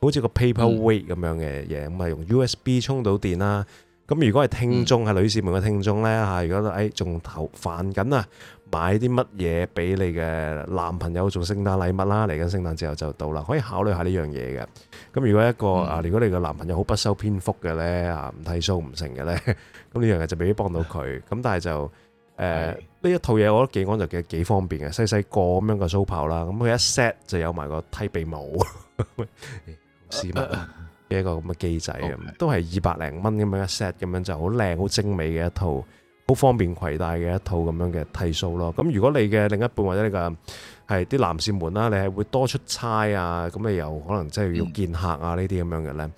好似個 paper weight 咁樣嘅嘢，咁啊用 USB 充到電啦。咁如果係聽眾係女士們嘅聽眾咧嚇，如果都誒仲頭煩緊啊！買啲乜嘢俾你嘅男朋友做聖誕禮物啦？嚟緊聖誕節就到啦，可以考慮下呢樣嘢嘅。咁如果一個啊，嗯、如果你個男朋友好不修邊幅嘅咧，啊唔剃須唔成嘅咧，咁呢樣嘢就未必幫到佢。咁但係就誒呢、呃、的一套嘢，我覺得幾安逸，幾方便嘅。細細個咁樣個鬚刨啦，咁佢一 set 就有埋個剃鼻毛，絲襪嘅一個咁嘅 似、uh, uh, 機仔啊，Okay. 都係二百零蚊咁樣一 set，咁樣就好靚好精美嘅一套。一套好方便攜帶嘅一套咁樣嘅剃鬚咯。咁如果你嘅另一半或者你嘅係啲男士們啦，你係會多出差啊，咁你又可能即係要見客啊呢啲咁樣嘅咧。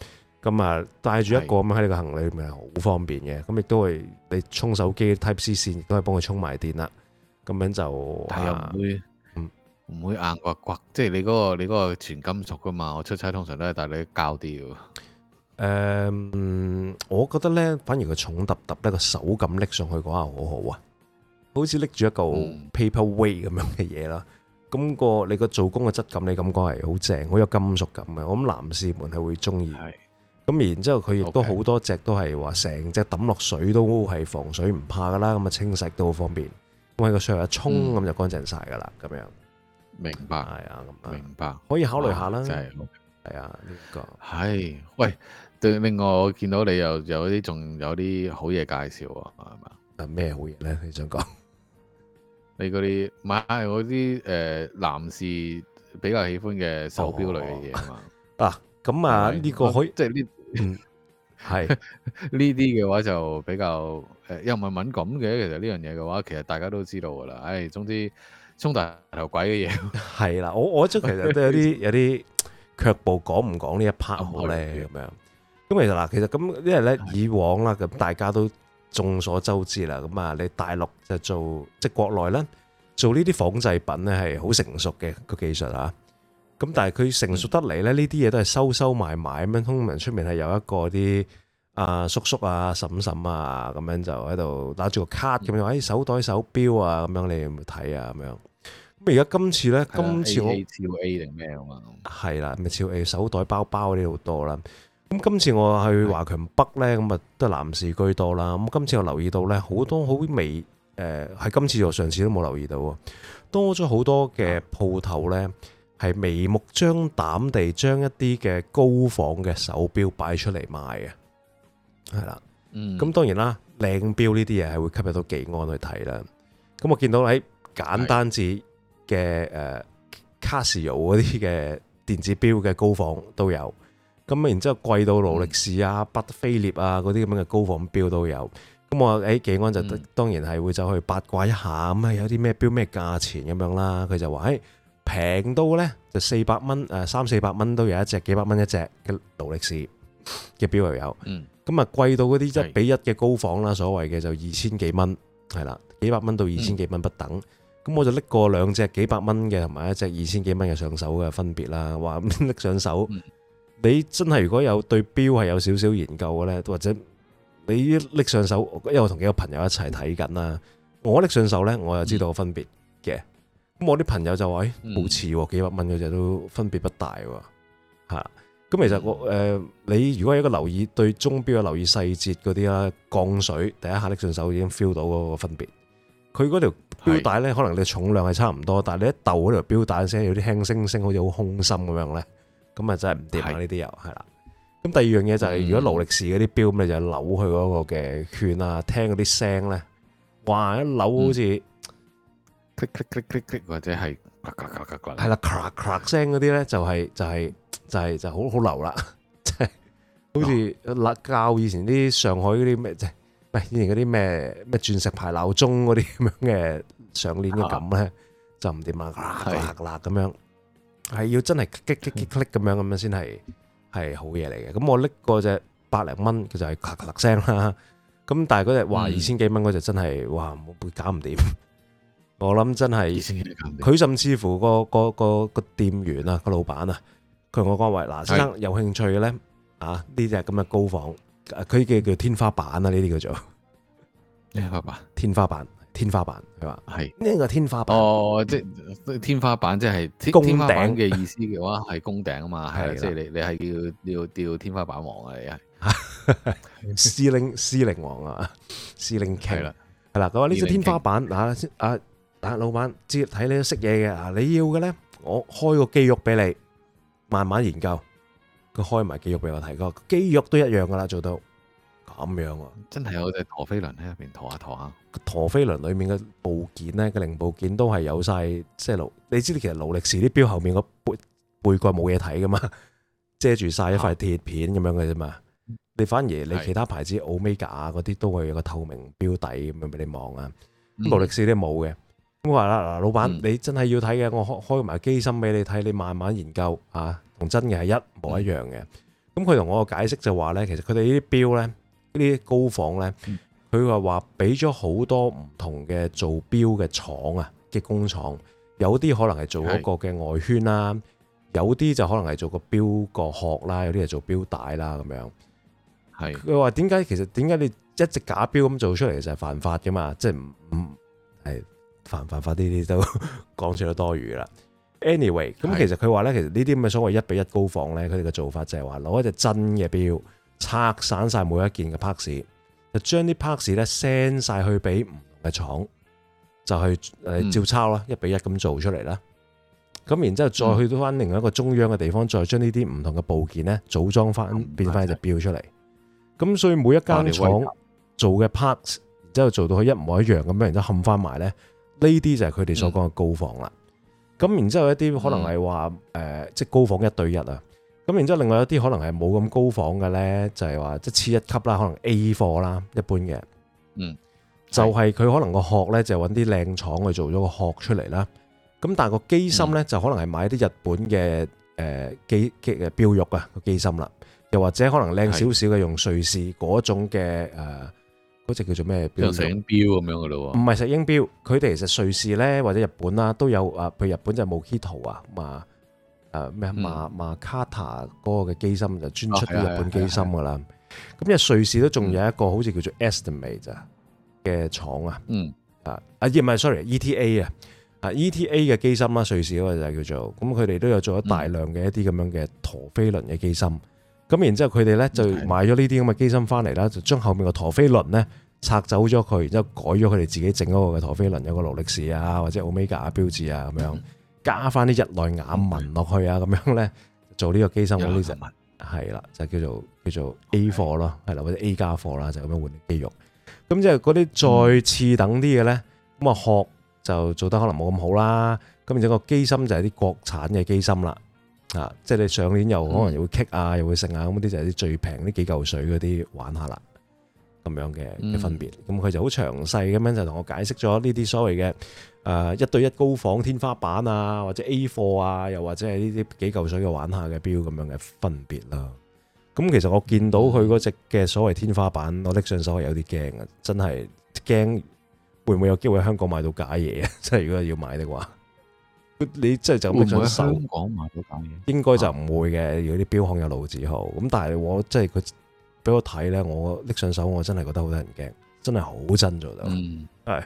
咁啊，帶住一個咁喺你個行李咪好方便嘅。咁亦都係你充手機 type C 線亦都係幫佢充埋電啦。咁樣就唔唔會，嗯、會硬刮刮，即係你嗰、嗰個你嗰個全金屬噶嘛。我出差通常都係帶你膠啲。誒，um, 我覺得呢，反而佢重揼揼呢個手感拎上去嗰下好好啊，好似拎住一個 paperweight 咁樣嘅嘢啦。咁、嗯那個你個做工嘅質感，你感覺係好正，好有金屬感嘅。我諗男士們係會中意咁是然之後佢亦都好多隻都係話成隻抌落水都係防水唔怕噶啦，咁啊清洗都好方便。咁喺個水入一沖，咁就乾淨晒噶啦，咁、嗯、樣。明白。係啊、哎呀，咁。明白。可以考慮下啦。啊就是係啊，呢、這個係、哎、喂，對另外我見到你又有啲，仲有啲好嘢介紹啊，係嘛？誒，咩好嘢咧？你想講你嗰啲買唔係嗰啲誒，男士比較喜歡嘅手錶類嘅嘢啊嘛？嗱、哦哦，咁啊呢、啊、對個可以，即係呢，係呢啲嘅話就比較誒又唔係敏感嘅，其實呢樣嘢嘅話，其實大家都知道噶啦。唉、哎，總之冲大頭鬼嘅嘢係啦，我我出其實都有啲 有啲。卻步講唔講呢一 part 好咧咁樣？咁其實嗱，其實咁因為咧以往啦，咁大家都眾所周知啦，咁啊你大陸就做即係國內咧做呢啲仿製品咧係好成熟嘅個技術啊。咁但係佢成熟得嚟咧，呢啲嘢都係收收埋埋咁樣，通常出面係有一個啲啊叔叔啊、嬸嬸啊咁樣就喺度打住個卡咁樣，誒手袋、手錶啊咁樣，你有冇睇啊咁樣？咁而家今次咧，今次我係啦，咪超 A 手袋包包呢啲好多啦。咁今次我去華強北咧，咁啊都係男士居多啦。咁今次我留意到咧，好多好微誒，喺今次同上次都冇留意到，多咗好多嘅鋪頭咧，係眉目張膽地將一啲嘅高仿嘅手表擺出嚟賣嘅。係啦，嗯。咁當然啦，靚表呢啲嘢係會吸引到技安去睇啦。咁我見到喺、哎、簡單字。嘅誒 Casio 嗰啲嘅電子錶嘅高仿都有，咁啊然之後貴到勞力士啊、百菲列啊嗰啲咁嘅高仿錶都有，咁我誒技安就、嗯、當然係會走去八卦一下，咁啊有啲咩錶咩價錢咁樣啦，佢就話誒平到咧就四百蚊，誒三四百蚊都有一隻，幾百蚊一隻嘅勞力士嘅錶又有，咁啊貴到嗰啲一比一嘅高仿啦，是所謂嘅就二千幾蚊，係啦幾百蚊到二千幾蚊不等。嗯咁我就拎過兩隻幾百蚊嘅，同埋一隻二千幾蚊嘅上手嘅分別啦。話拎上手，你真係如果有對表係有少少研究嘅咧，或者你拎上手，因為我同幾個朋友一齊睇緊啦，我拎上手咧，我又知道個分別嘅。咁我啲朋友就話：誒冇似喎，幾百蚊嗰隻都分別不大喎，啊。咁其實我、呃、你如果係一個留意對鐘錶嘅留意細節嗰啲啦，降水第一下拎上手已經 feel 到嗰個分別。佢嗰條錶帶咧，可能你重量係差唔多，但係你一抖嗰條錶帶嘅聲有啲輕聲聲，好似好空心咁樣咧，咁啊真係唔掂啊！呢啲又係啦。咁第二樣嘢就係，如果勞力士嗰啲錶咪就扭佢嗰個嘅圈啊，聽嗰啲聲咧，哇，一扭好似 click click click click 或者係係啦 click click 聲嗰啲咧，就係就係就係就好好流啦，即係好似辣教以前啲上海嗰啲咩即係。唔以前嗰啲咩咩鑽石牌鬧鐘嗰啲咁樣嘅上鏈嘅咁咧，就唔掂啊，咔咁、啊、樣，係要真係擊擊擊咁樣咁樣先係係好嘢嚟嘅。咁我拎個隻百零蚊，佢就係咔咔聲啦。咁但係嗰隻哇、嗯、二千幾蚊嗰隻真係哇，唔會搞唔掂。我諗真係，佢甚至乎、嗰個個個店員啊，個老闆啊，佢同我講話，嗱，先生是有興趣嘅咧，啊呢隻咁嘅高仿。佢嘅叫天花板啊，呢啲叫做天花板，天花板，天花板，係天花板係嘛？係呢個天花板哦，即係天花板，即係天頂嘅意思嘅話，係宮頂啊嘛，係即係你要，你係叫叫叫天花板王啊，你係係，係，司令司令王啊，司令強係啦，咁啊呢隻天花板嗱，慶啊，阿阿老闆接睇你都識嘢嘅啊，你要嘅咧，我開個肌肉俾你，慢慢研究。佢開埋機殼俾我睇，個機殼都一樣噶啦，做到咁樣啊！真係有隻陀飛輪喺入邊陀下陀下，陀飛輪裏面嘅部件咧，個零部件都係有晒即係勞。你知道你其實勞力士啲錶後面個背背蓋冇嘢睇噶嘛，遮住晒一塊鐵片咁樣嘅啫嘛。是的 你反而你其他牌子 Omega 嗰啲都會有個透明錶底，咪俾你望啊。勞力士啲冇嘅。嗯咁話啦，嗱，老闆，你真係要睇嘅，我開開埋機芯俾你睇，你慢慢研究啊，同真嘅係一模一樣嘅。咁佢同我解釋就話呢，其實佢哋呢啲錶呢，呢啲高仿呢，佢話話俾咗好多唔同嘅做錶嘅廠啊嘅工廠，有啲可能係做嗰個嘅外圈啦，是有啲就可能係做個錶個殼啦，有啲係做錶帶啦，咁樣係佢話點解？其實點解你一隻假錶咁做出嚟就係犯法噶嘛？即係唔唔係？是繁繁複呢啲都講咗多餘啦。Anyway，咁其實佢話咧，其實呢啲咁嘅所謂一比一高仿咧，佢哋嘅做法就係話攞一隻真嘅表拆散晒每一件嘅 parts 就將啲 parts 咧 send 晒去俾唔同嘅廠，就去誒、呃、照抄啦，一比一咁做出嚟啦。咁然之後再去到翻另外一個中央嘅地方，再將呢啲唔同嘅部件咧組裝翻變翻一隻表出嚟。咁所以每一間廠做嘅 parts 然之後做到佢一模一樣咁，然之後冚翻埋咧。呢啲就係佢哋所講嘅高仿啦，咁、嗯、然之後一啲可能係話誒，即係、嗯呃就係、高仿一對一啊，咁然之後另外一啲可能係冇咁高仿嘅咧，就係話即係次一級啦，可能 A 貨啦，一般嘅，嗯，就係佢可能係個殼咧就揾啲靚廠去做咗個殼出嚟啦，咁但係個機芯咧就可能係買啲日本嘅誒機機誒錶玉啊個機芯啦，又或者可能靚少少嘅用瑞士嗰種嘅誒。嗯呃嗰隻叫做咩？石英表咁樣嘅咯喎，唔係石英表，佢哋其實瑞士咧或者日本啦都有啊，譬如日本就係 Mojito 啊嘛，誒咩馬馬，馬卡塔嗰個嘅機芯就專出啲日本機芯噶啦。咁因為瑞士都仲有一個、嗯、好似叫做 Estimate 嘅廠、嗯、啊，嗯啊啊唔係，sorry ETA 啊、e、啊 ETA 嘅機芯啦，瑞士嗰個就係叫做咁，佢哋都有做咗大量嘅一啲咁樣嘅陀飛輪嘅機芯。嗯咁然之後佢哋咧就買咗呢啲咁嘅機芯翻嚟啦，就將後面個陀飛輪咧拆走咗佢，然之後改咗佢哋自己整嗰個嘅陀飛輪，有個勞力士啊或者奧米伽啊標誌啊咁樣，加翻啲日內眼紋落去啊咁樣咧，做呢個機芯嗰啲石紋，係啦就叫做叫做 A 貨咯 Okay.，係啦或者 A 加貨啦，4，就咁樣換啲機油。咁即係嗰啲再次等啲嘅咧，咁啊殼就做得可能冇咁好啦，咁而且個機芯就係啲國產嘅機芯啦。啊！即係你上年又可能又會 kick 啊，嗯、又會剩啊，咁嗰啲就係啲最平啲幾嚿水嗰啲玩下啦，咁樣嘅分別。咁佢、嗯、就好詳細咁樣就同我解釋咗呢啲所謂嘅誒、呃、一對一高仿天花板啊，或者 A 貨啊，又或者係呢啲幾嚿水嘅玩下嘅標咁樣嘅分別啦。咁其實我見到佢嗰隻嘅所謂天花板，我拎信所謂有啲驚嘅，真係驚會唔會有機會喺香港買到假嘢啊？即 係如果要買的話。你真係就搦上手，會會應該就唔會嘅。如果啲表行有老字號，咁的但係我，、就是、我，我，我真係佢俾我睇咧，我拎上手，我真係覺得好得人驚，真係好真做到。嗯，係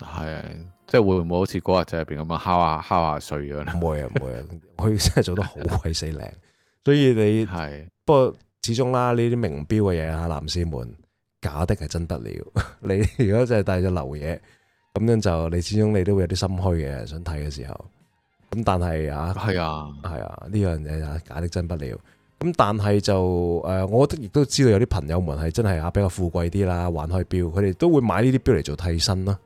係，即係會唔會好似古惑仔入邊咁啊？敲下敲下碎咁樣咧？唔會啊，唔會啊！佢真係做得好鬼死靚，的所以你係的不過始終啦，呢啲名表嘅嘢啊，男士、啊、們假的係真得了。你如果就係戴咗流嘢。咁樣就你始終你都會有啲心虛嘅，想睇嘅時候。咁但係是啊，啊，係啊，係、這、啊、個，呢樣嘢假的真不了。咁但係就誒，我亦都知道有啲朋友們係真係啊比較富貴啲啦，玩開表，佢哋都會買呢啲表嚟做替身咯。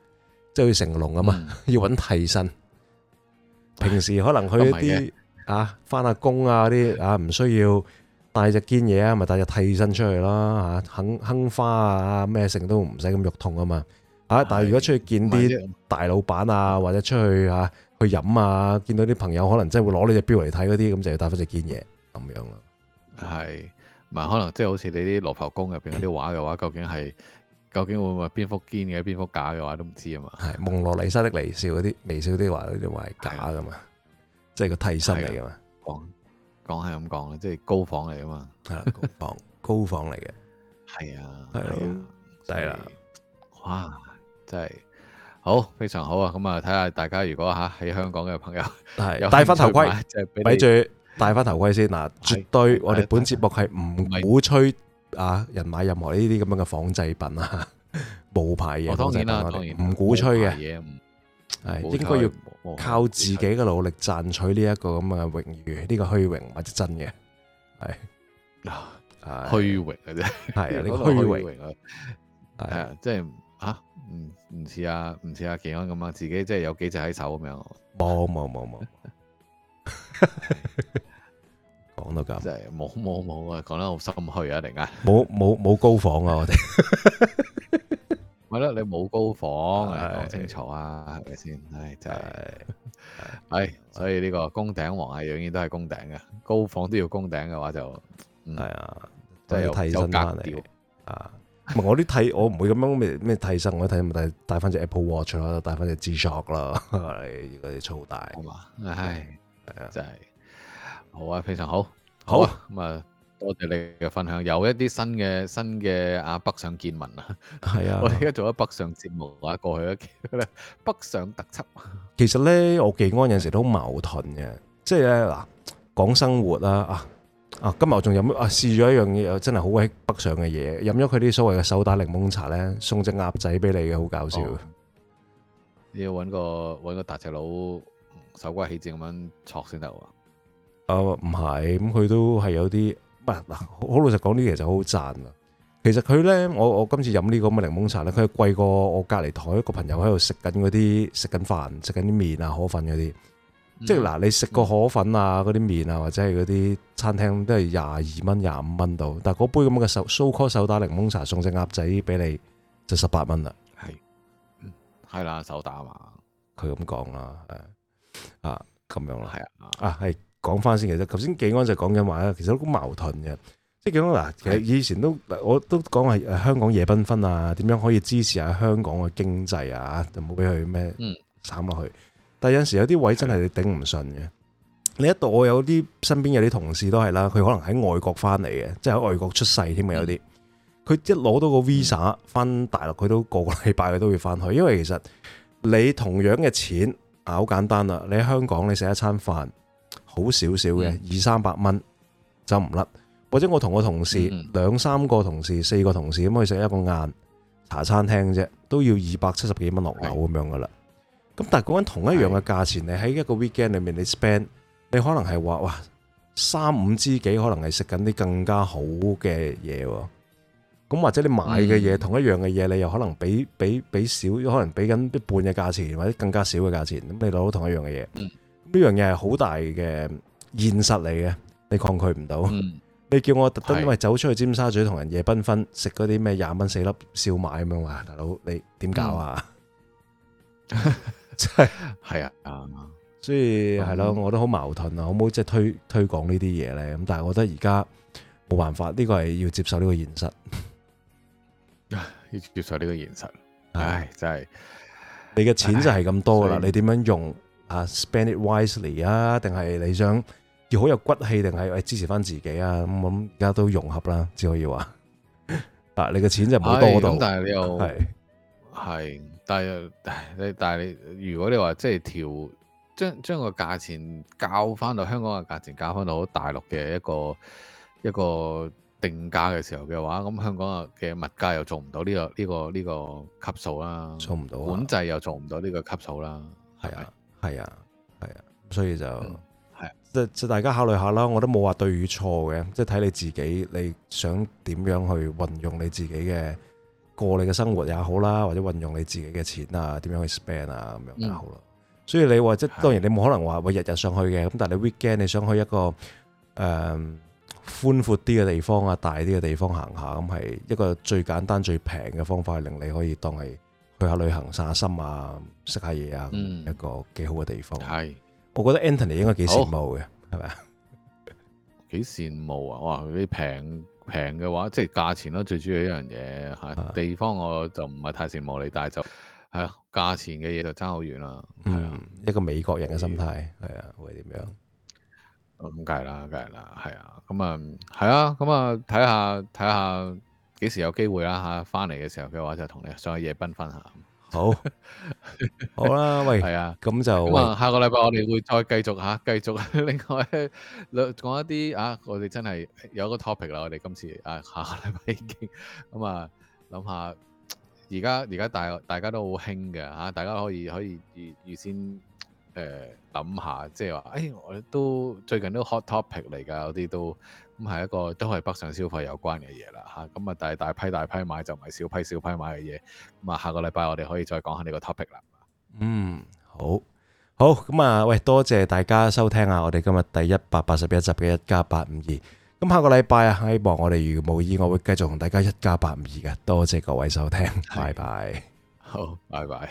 即係要成龍啊嘛，嗯、要揾替身。平時可能去啲啊返下工啊啲啊，唔、啊啊、需要帶隻堅嘢啊，咪帶隻替身出去咯。吓、啊，坑坑花啊咩成都唔使咁肉痛啊嘛。啊！但係如果出去見啲大老闆啊，或者出去啊去飲啊，見到啲朋友可能真係會攞你隻表嚟睇嗰啲，咁就要帶翻隻堅嘢咁樣咯。係是，唔係、嗯、可能即係好似你啲羅浮宮入邊嗰啲畫嘅話 究，究竟係究竟會唔會邊幅堅嘅，邊幅假嘅話都唔知啊嘛。係蒙羅麗莎的微笑嗰啲微笑啲畫嗰啲畫係假噶嘛，是啊、即係個替身嚟噶、啊就是、嘛。講講係咁講，即係高仿嚟啊嘛。係，高 高仿嚟嘅。係啊，係啦、啊啊以，哇！真係好，非常好啊！咁啊，睇下大家如果吓喺香港嘅朋友，戴翻頭盔，即係俾住戴翻頭盔先。嗱，絕對我哋本節目係唔鼓吹啊人買任何呢啲咁樣嘅仿製品啊，冒牌嘢。當然啦，當然唔鼓吹嘅嘢，係應該要靠自己嘅努力賺取呢一個咁嘅榮譽，呢個虛榮或者真嘅係啊，虛榮啊，啫係啊，呢個虛榮啊，係啊，即係。唔唔似阿唔似阿技安咁啊，自己即係有幾隻喺手咁樣。冇冇冇冇，講到咁，真係冇冇冇啊！講得好心虛啊，突然間。冇冇冇高仿啊！我哋，係咯，你冇高仿，講清楚啊，係咪先？唉，就係，係所以呢個攻頂王係永遠都係攻頂嘅，高仿都要攻頂嘅話就係啊，都要提升翻嚟啊。 我啲替我唔會咁樣咩咩替身，我啲替咪帶帶翻隻 Apple Watch 啦，帶翻隻 G Shock 啦，而啲粗好嘛，啊？係的的真係好啊，非常好，好咁啊，啊多謝你嘅分享，有一啲新嘅新嘅阿北上見聞啊，係啊的， 我哋而家做咗北上節目啊，過去啊，北上特輯，其實咧我技安有陣時都矛盾嘅，即係咧嗱，講生活啦啊。啊！今日我仲飲啊？試咗一樣嘢，真係好鬼北上嘅嘢。飲咗佢啲所謂嘅手打檸檬茶咧，送隻鴨仔俾你嘅，好搞笑，哦。你要揾個揾個大隻佬手瓜起 𦟌 咁樣戳先得喎。啊，唔係咁，佢都係有啲不嗱。好老實講，呢、這、樣、個、就好好讚啊。其實佢咧，我我今次飲呢個咁嘅檸檬茶咧，佢係貴過我隔離台一個朋友喺度食緊嗰啲食緊飯食緊啲麵啊河粉嗰啲。即係嗱，你食個河粉啊，嗰啲麵啊，或者係嗰啲餐廳都係廿二蚊、廿五蚊度，但係嗰杯咁嘅手蘇手打檸檬茶送隻鴨仔俾你，就十八蚊啦。係，係啦，手打嘛，佢咁講啦，誒，啊，咁樣咯，係的啊，啊，係講翻先。其實頭先紀安就講緊話咧，其實好矛盾嘅，即係紀安嗱，其實以前都的我都講係香港夜繽紛啊，點樣可以支持下香港嘅經濟啊，就冇俾佢咩慘落去。嗯但有時有啲位真係頂唔順嘅。的你一度，我有啲身邊有啲同事都係啦，佢可能喺外國翻嚟嘅，即係喺外國出世添嘅有啲。佢的一攞到個 visa 翻的大陸，佢都個個禮拜佢都會翻去，因為其實你同樣嘅錢啊，好簡單啦。你喺香港你食一餐飯好少少嘅，二三百蚊就唔甩。或者我同我同事兩三的個同事、四個同事咁可以食一個晏茶餐廳啫，都要二百七十幾蚊落樓咁的樣噶啦。咁但係講緊同一樣嘅價錢，是的 你喺一個 weekend 裏面你 spend，你可能係話哇三五知己可能係食緊啲更加好嘅嘢，咁或者你買嘅嘢是的 同一樣嘅嘢，你又可能俾俾俾少，可能俾緊一半嘅價錢或者更加少嘅價錢，咁你攞到同一樣嘅嘢，呢、嗯、樣嘢係好大嘅現實嚟嘅，你抗拒唔到。嗯、你叫我特登因為走出去尖沙咀同人夜繽紛食嗰啲咩廿蚊四粒燒賣咁樣話，大佬你點搞啊？嗯 即係係啊，所以係咯、嗯，我覺得好矛盾啊，可唔可以即係推推廣呢啲嘢咧？咁但係我覺得而家冇辦法，呢、呢個係要接受呢個現實。要接受呢個現實，唉，真係是你嘅錢就係咁多啦，唉你點樣用以啊？spend it wisely 啊？定係你想要好有骨氣，定係支持翻自己啊？咁咁而家都融合啦，只可以話 啊，你嘅錢就唔好多到，但係你又係。係，但係你但係你，如果你話即係調將將個價錢校返到香港嘅價錢校返到大陸嘅一個一個定價嘅時候嘅話，咁香港嘅物價又做唔到呢個呢個呢個級數啦，做唔到，管制，又做唔到呢個級數啦，係啊，係啊，係啊，所以就係即係大家考慮下啦，我都冇話對與錯嘅，即係睇你自己你想點樣去運用你自己嘅。過你嘅生活也好啦，或者運用你自己嘅錢啊，點樣去 spend 啊咁樣都好啦。嗯、所以你話即係當然你冇可能話會日日上去嘅，咁但係你 weekend 你想去一個誒寬闊啲嘅地方啊，大啲嘅地方行下，咁係一個最簡單最平嘅方法，令你可以當係去下旅行散下心啊，食下嘢啊，嗯、一個幾好嘅地方。係是，我覺得 Anthony 應該幾羨慕嘅，係咪啊？幾羨吧慕啊！哇，佢啲平。平嘅話，即係價錢咯，最主要一樣嘢嚇地方，我就唔係太羨慕你，但係就係啊價錢嘅嘢就爭好遠啦，嗯啊、一個美國人嘅心態係啊，啊會點樣？咁梗係啦，梗係啦，係啊，咁啊係啊，咁啊睇下睇下幾時有機會啦嚇，翻嚟嘅時候嘅話就同你上去夜奔翻下。好好啦，喂，係啊，咁就啊、嗯。下個禮拜我哋會再繼續吓、啊，繼續另外兩講一啲啊。我哋真係有一個 topic 啦，我哋今次啊，下個禮拜已經咁啊，諗下而家而家大大家都好興嘅吓，大家可以可以預預先誒諗、呃、下，即係話誒，我都最近都 hot topic 嚟㗎，有啲都。咁係一個都係北上消費有關嘅嘢啦，吓咁啊，但係大批大批買就唔係小批小批買嘅嘢。咁啊，下個禮拜我哋可以再講下呢個 topic 啦。嗯，好好咁啊！喂，多謝大家收聽啊，我哋今日第一百八十一集嘅一家八五二。咁下個禮拜啊，希望我哋如無意外會繼續同大家一家八五二嘅。多謝各位收聽，是拜拜。好，拜拜。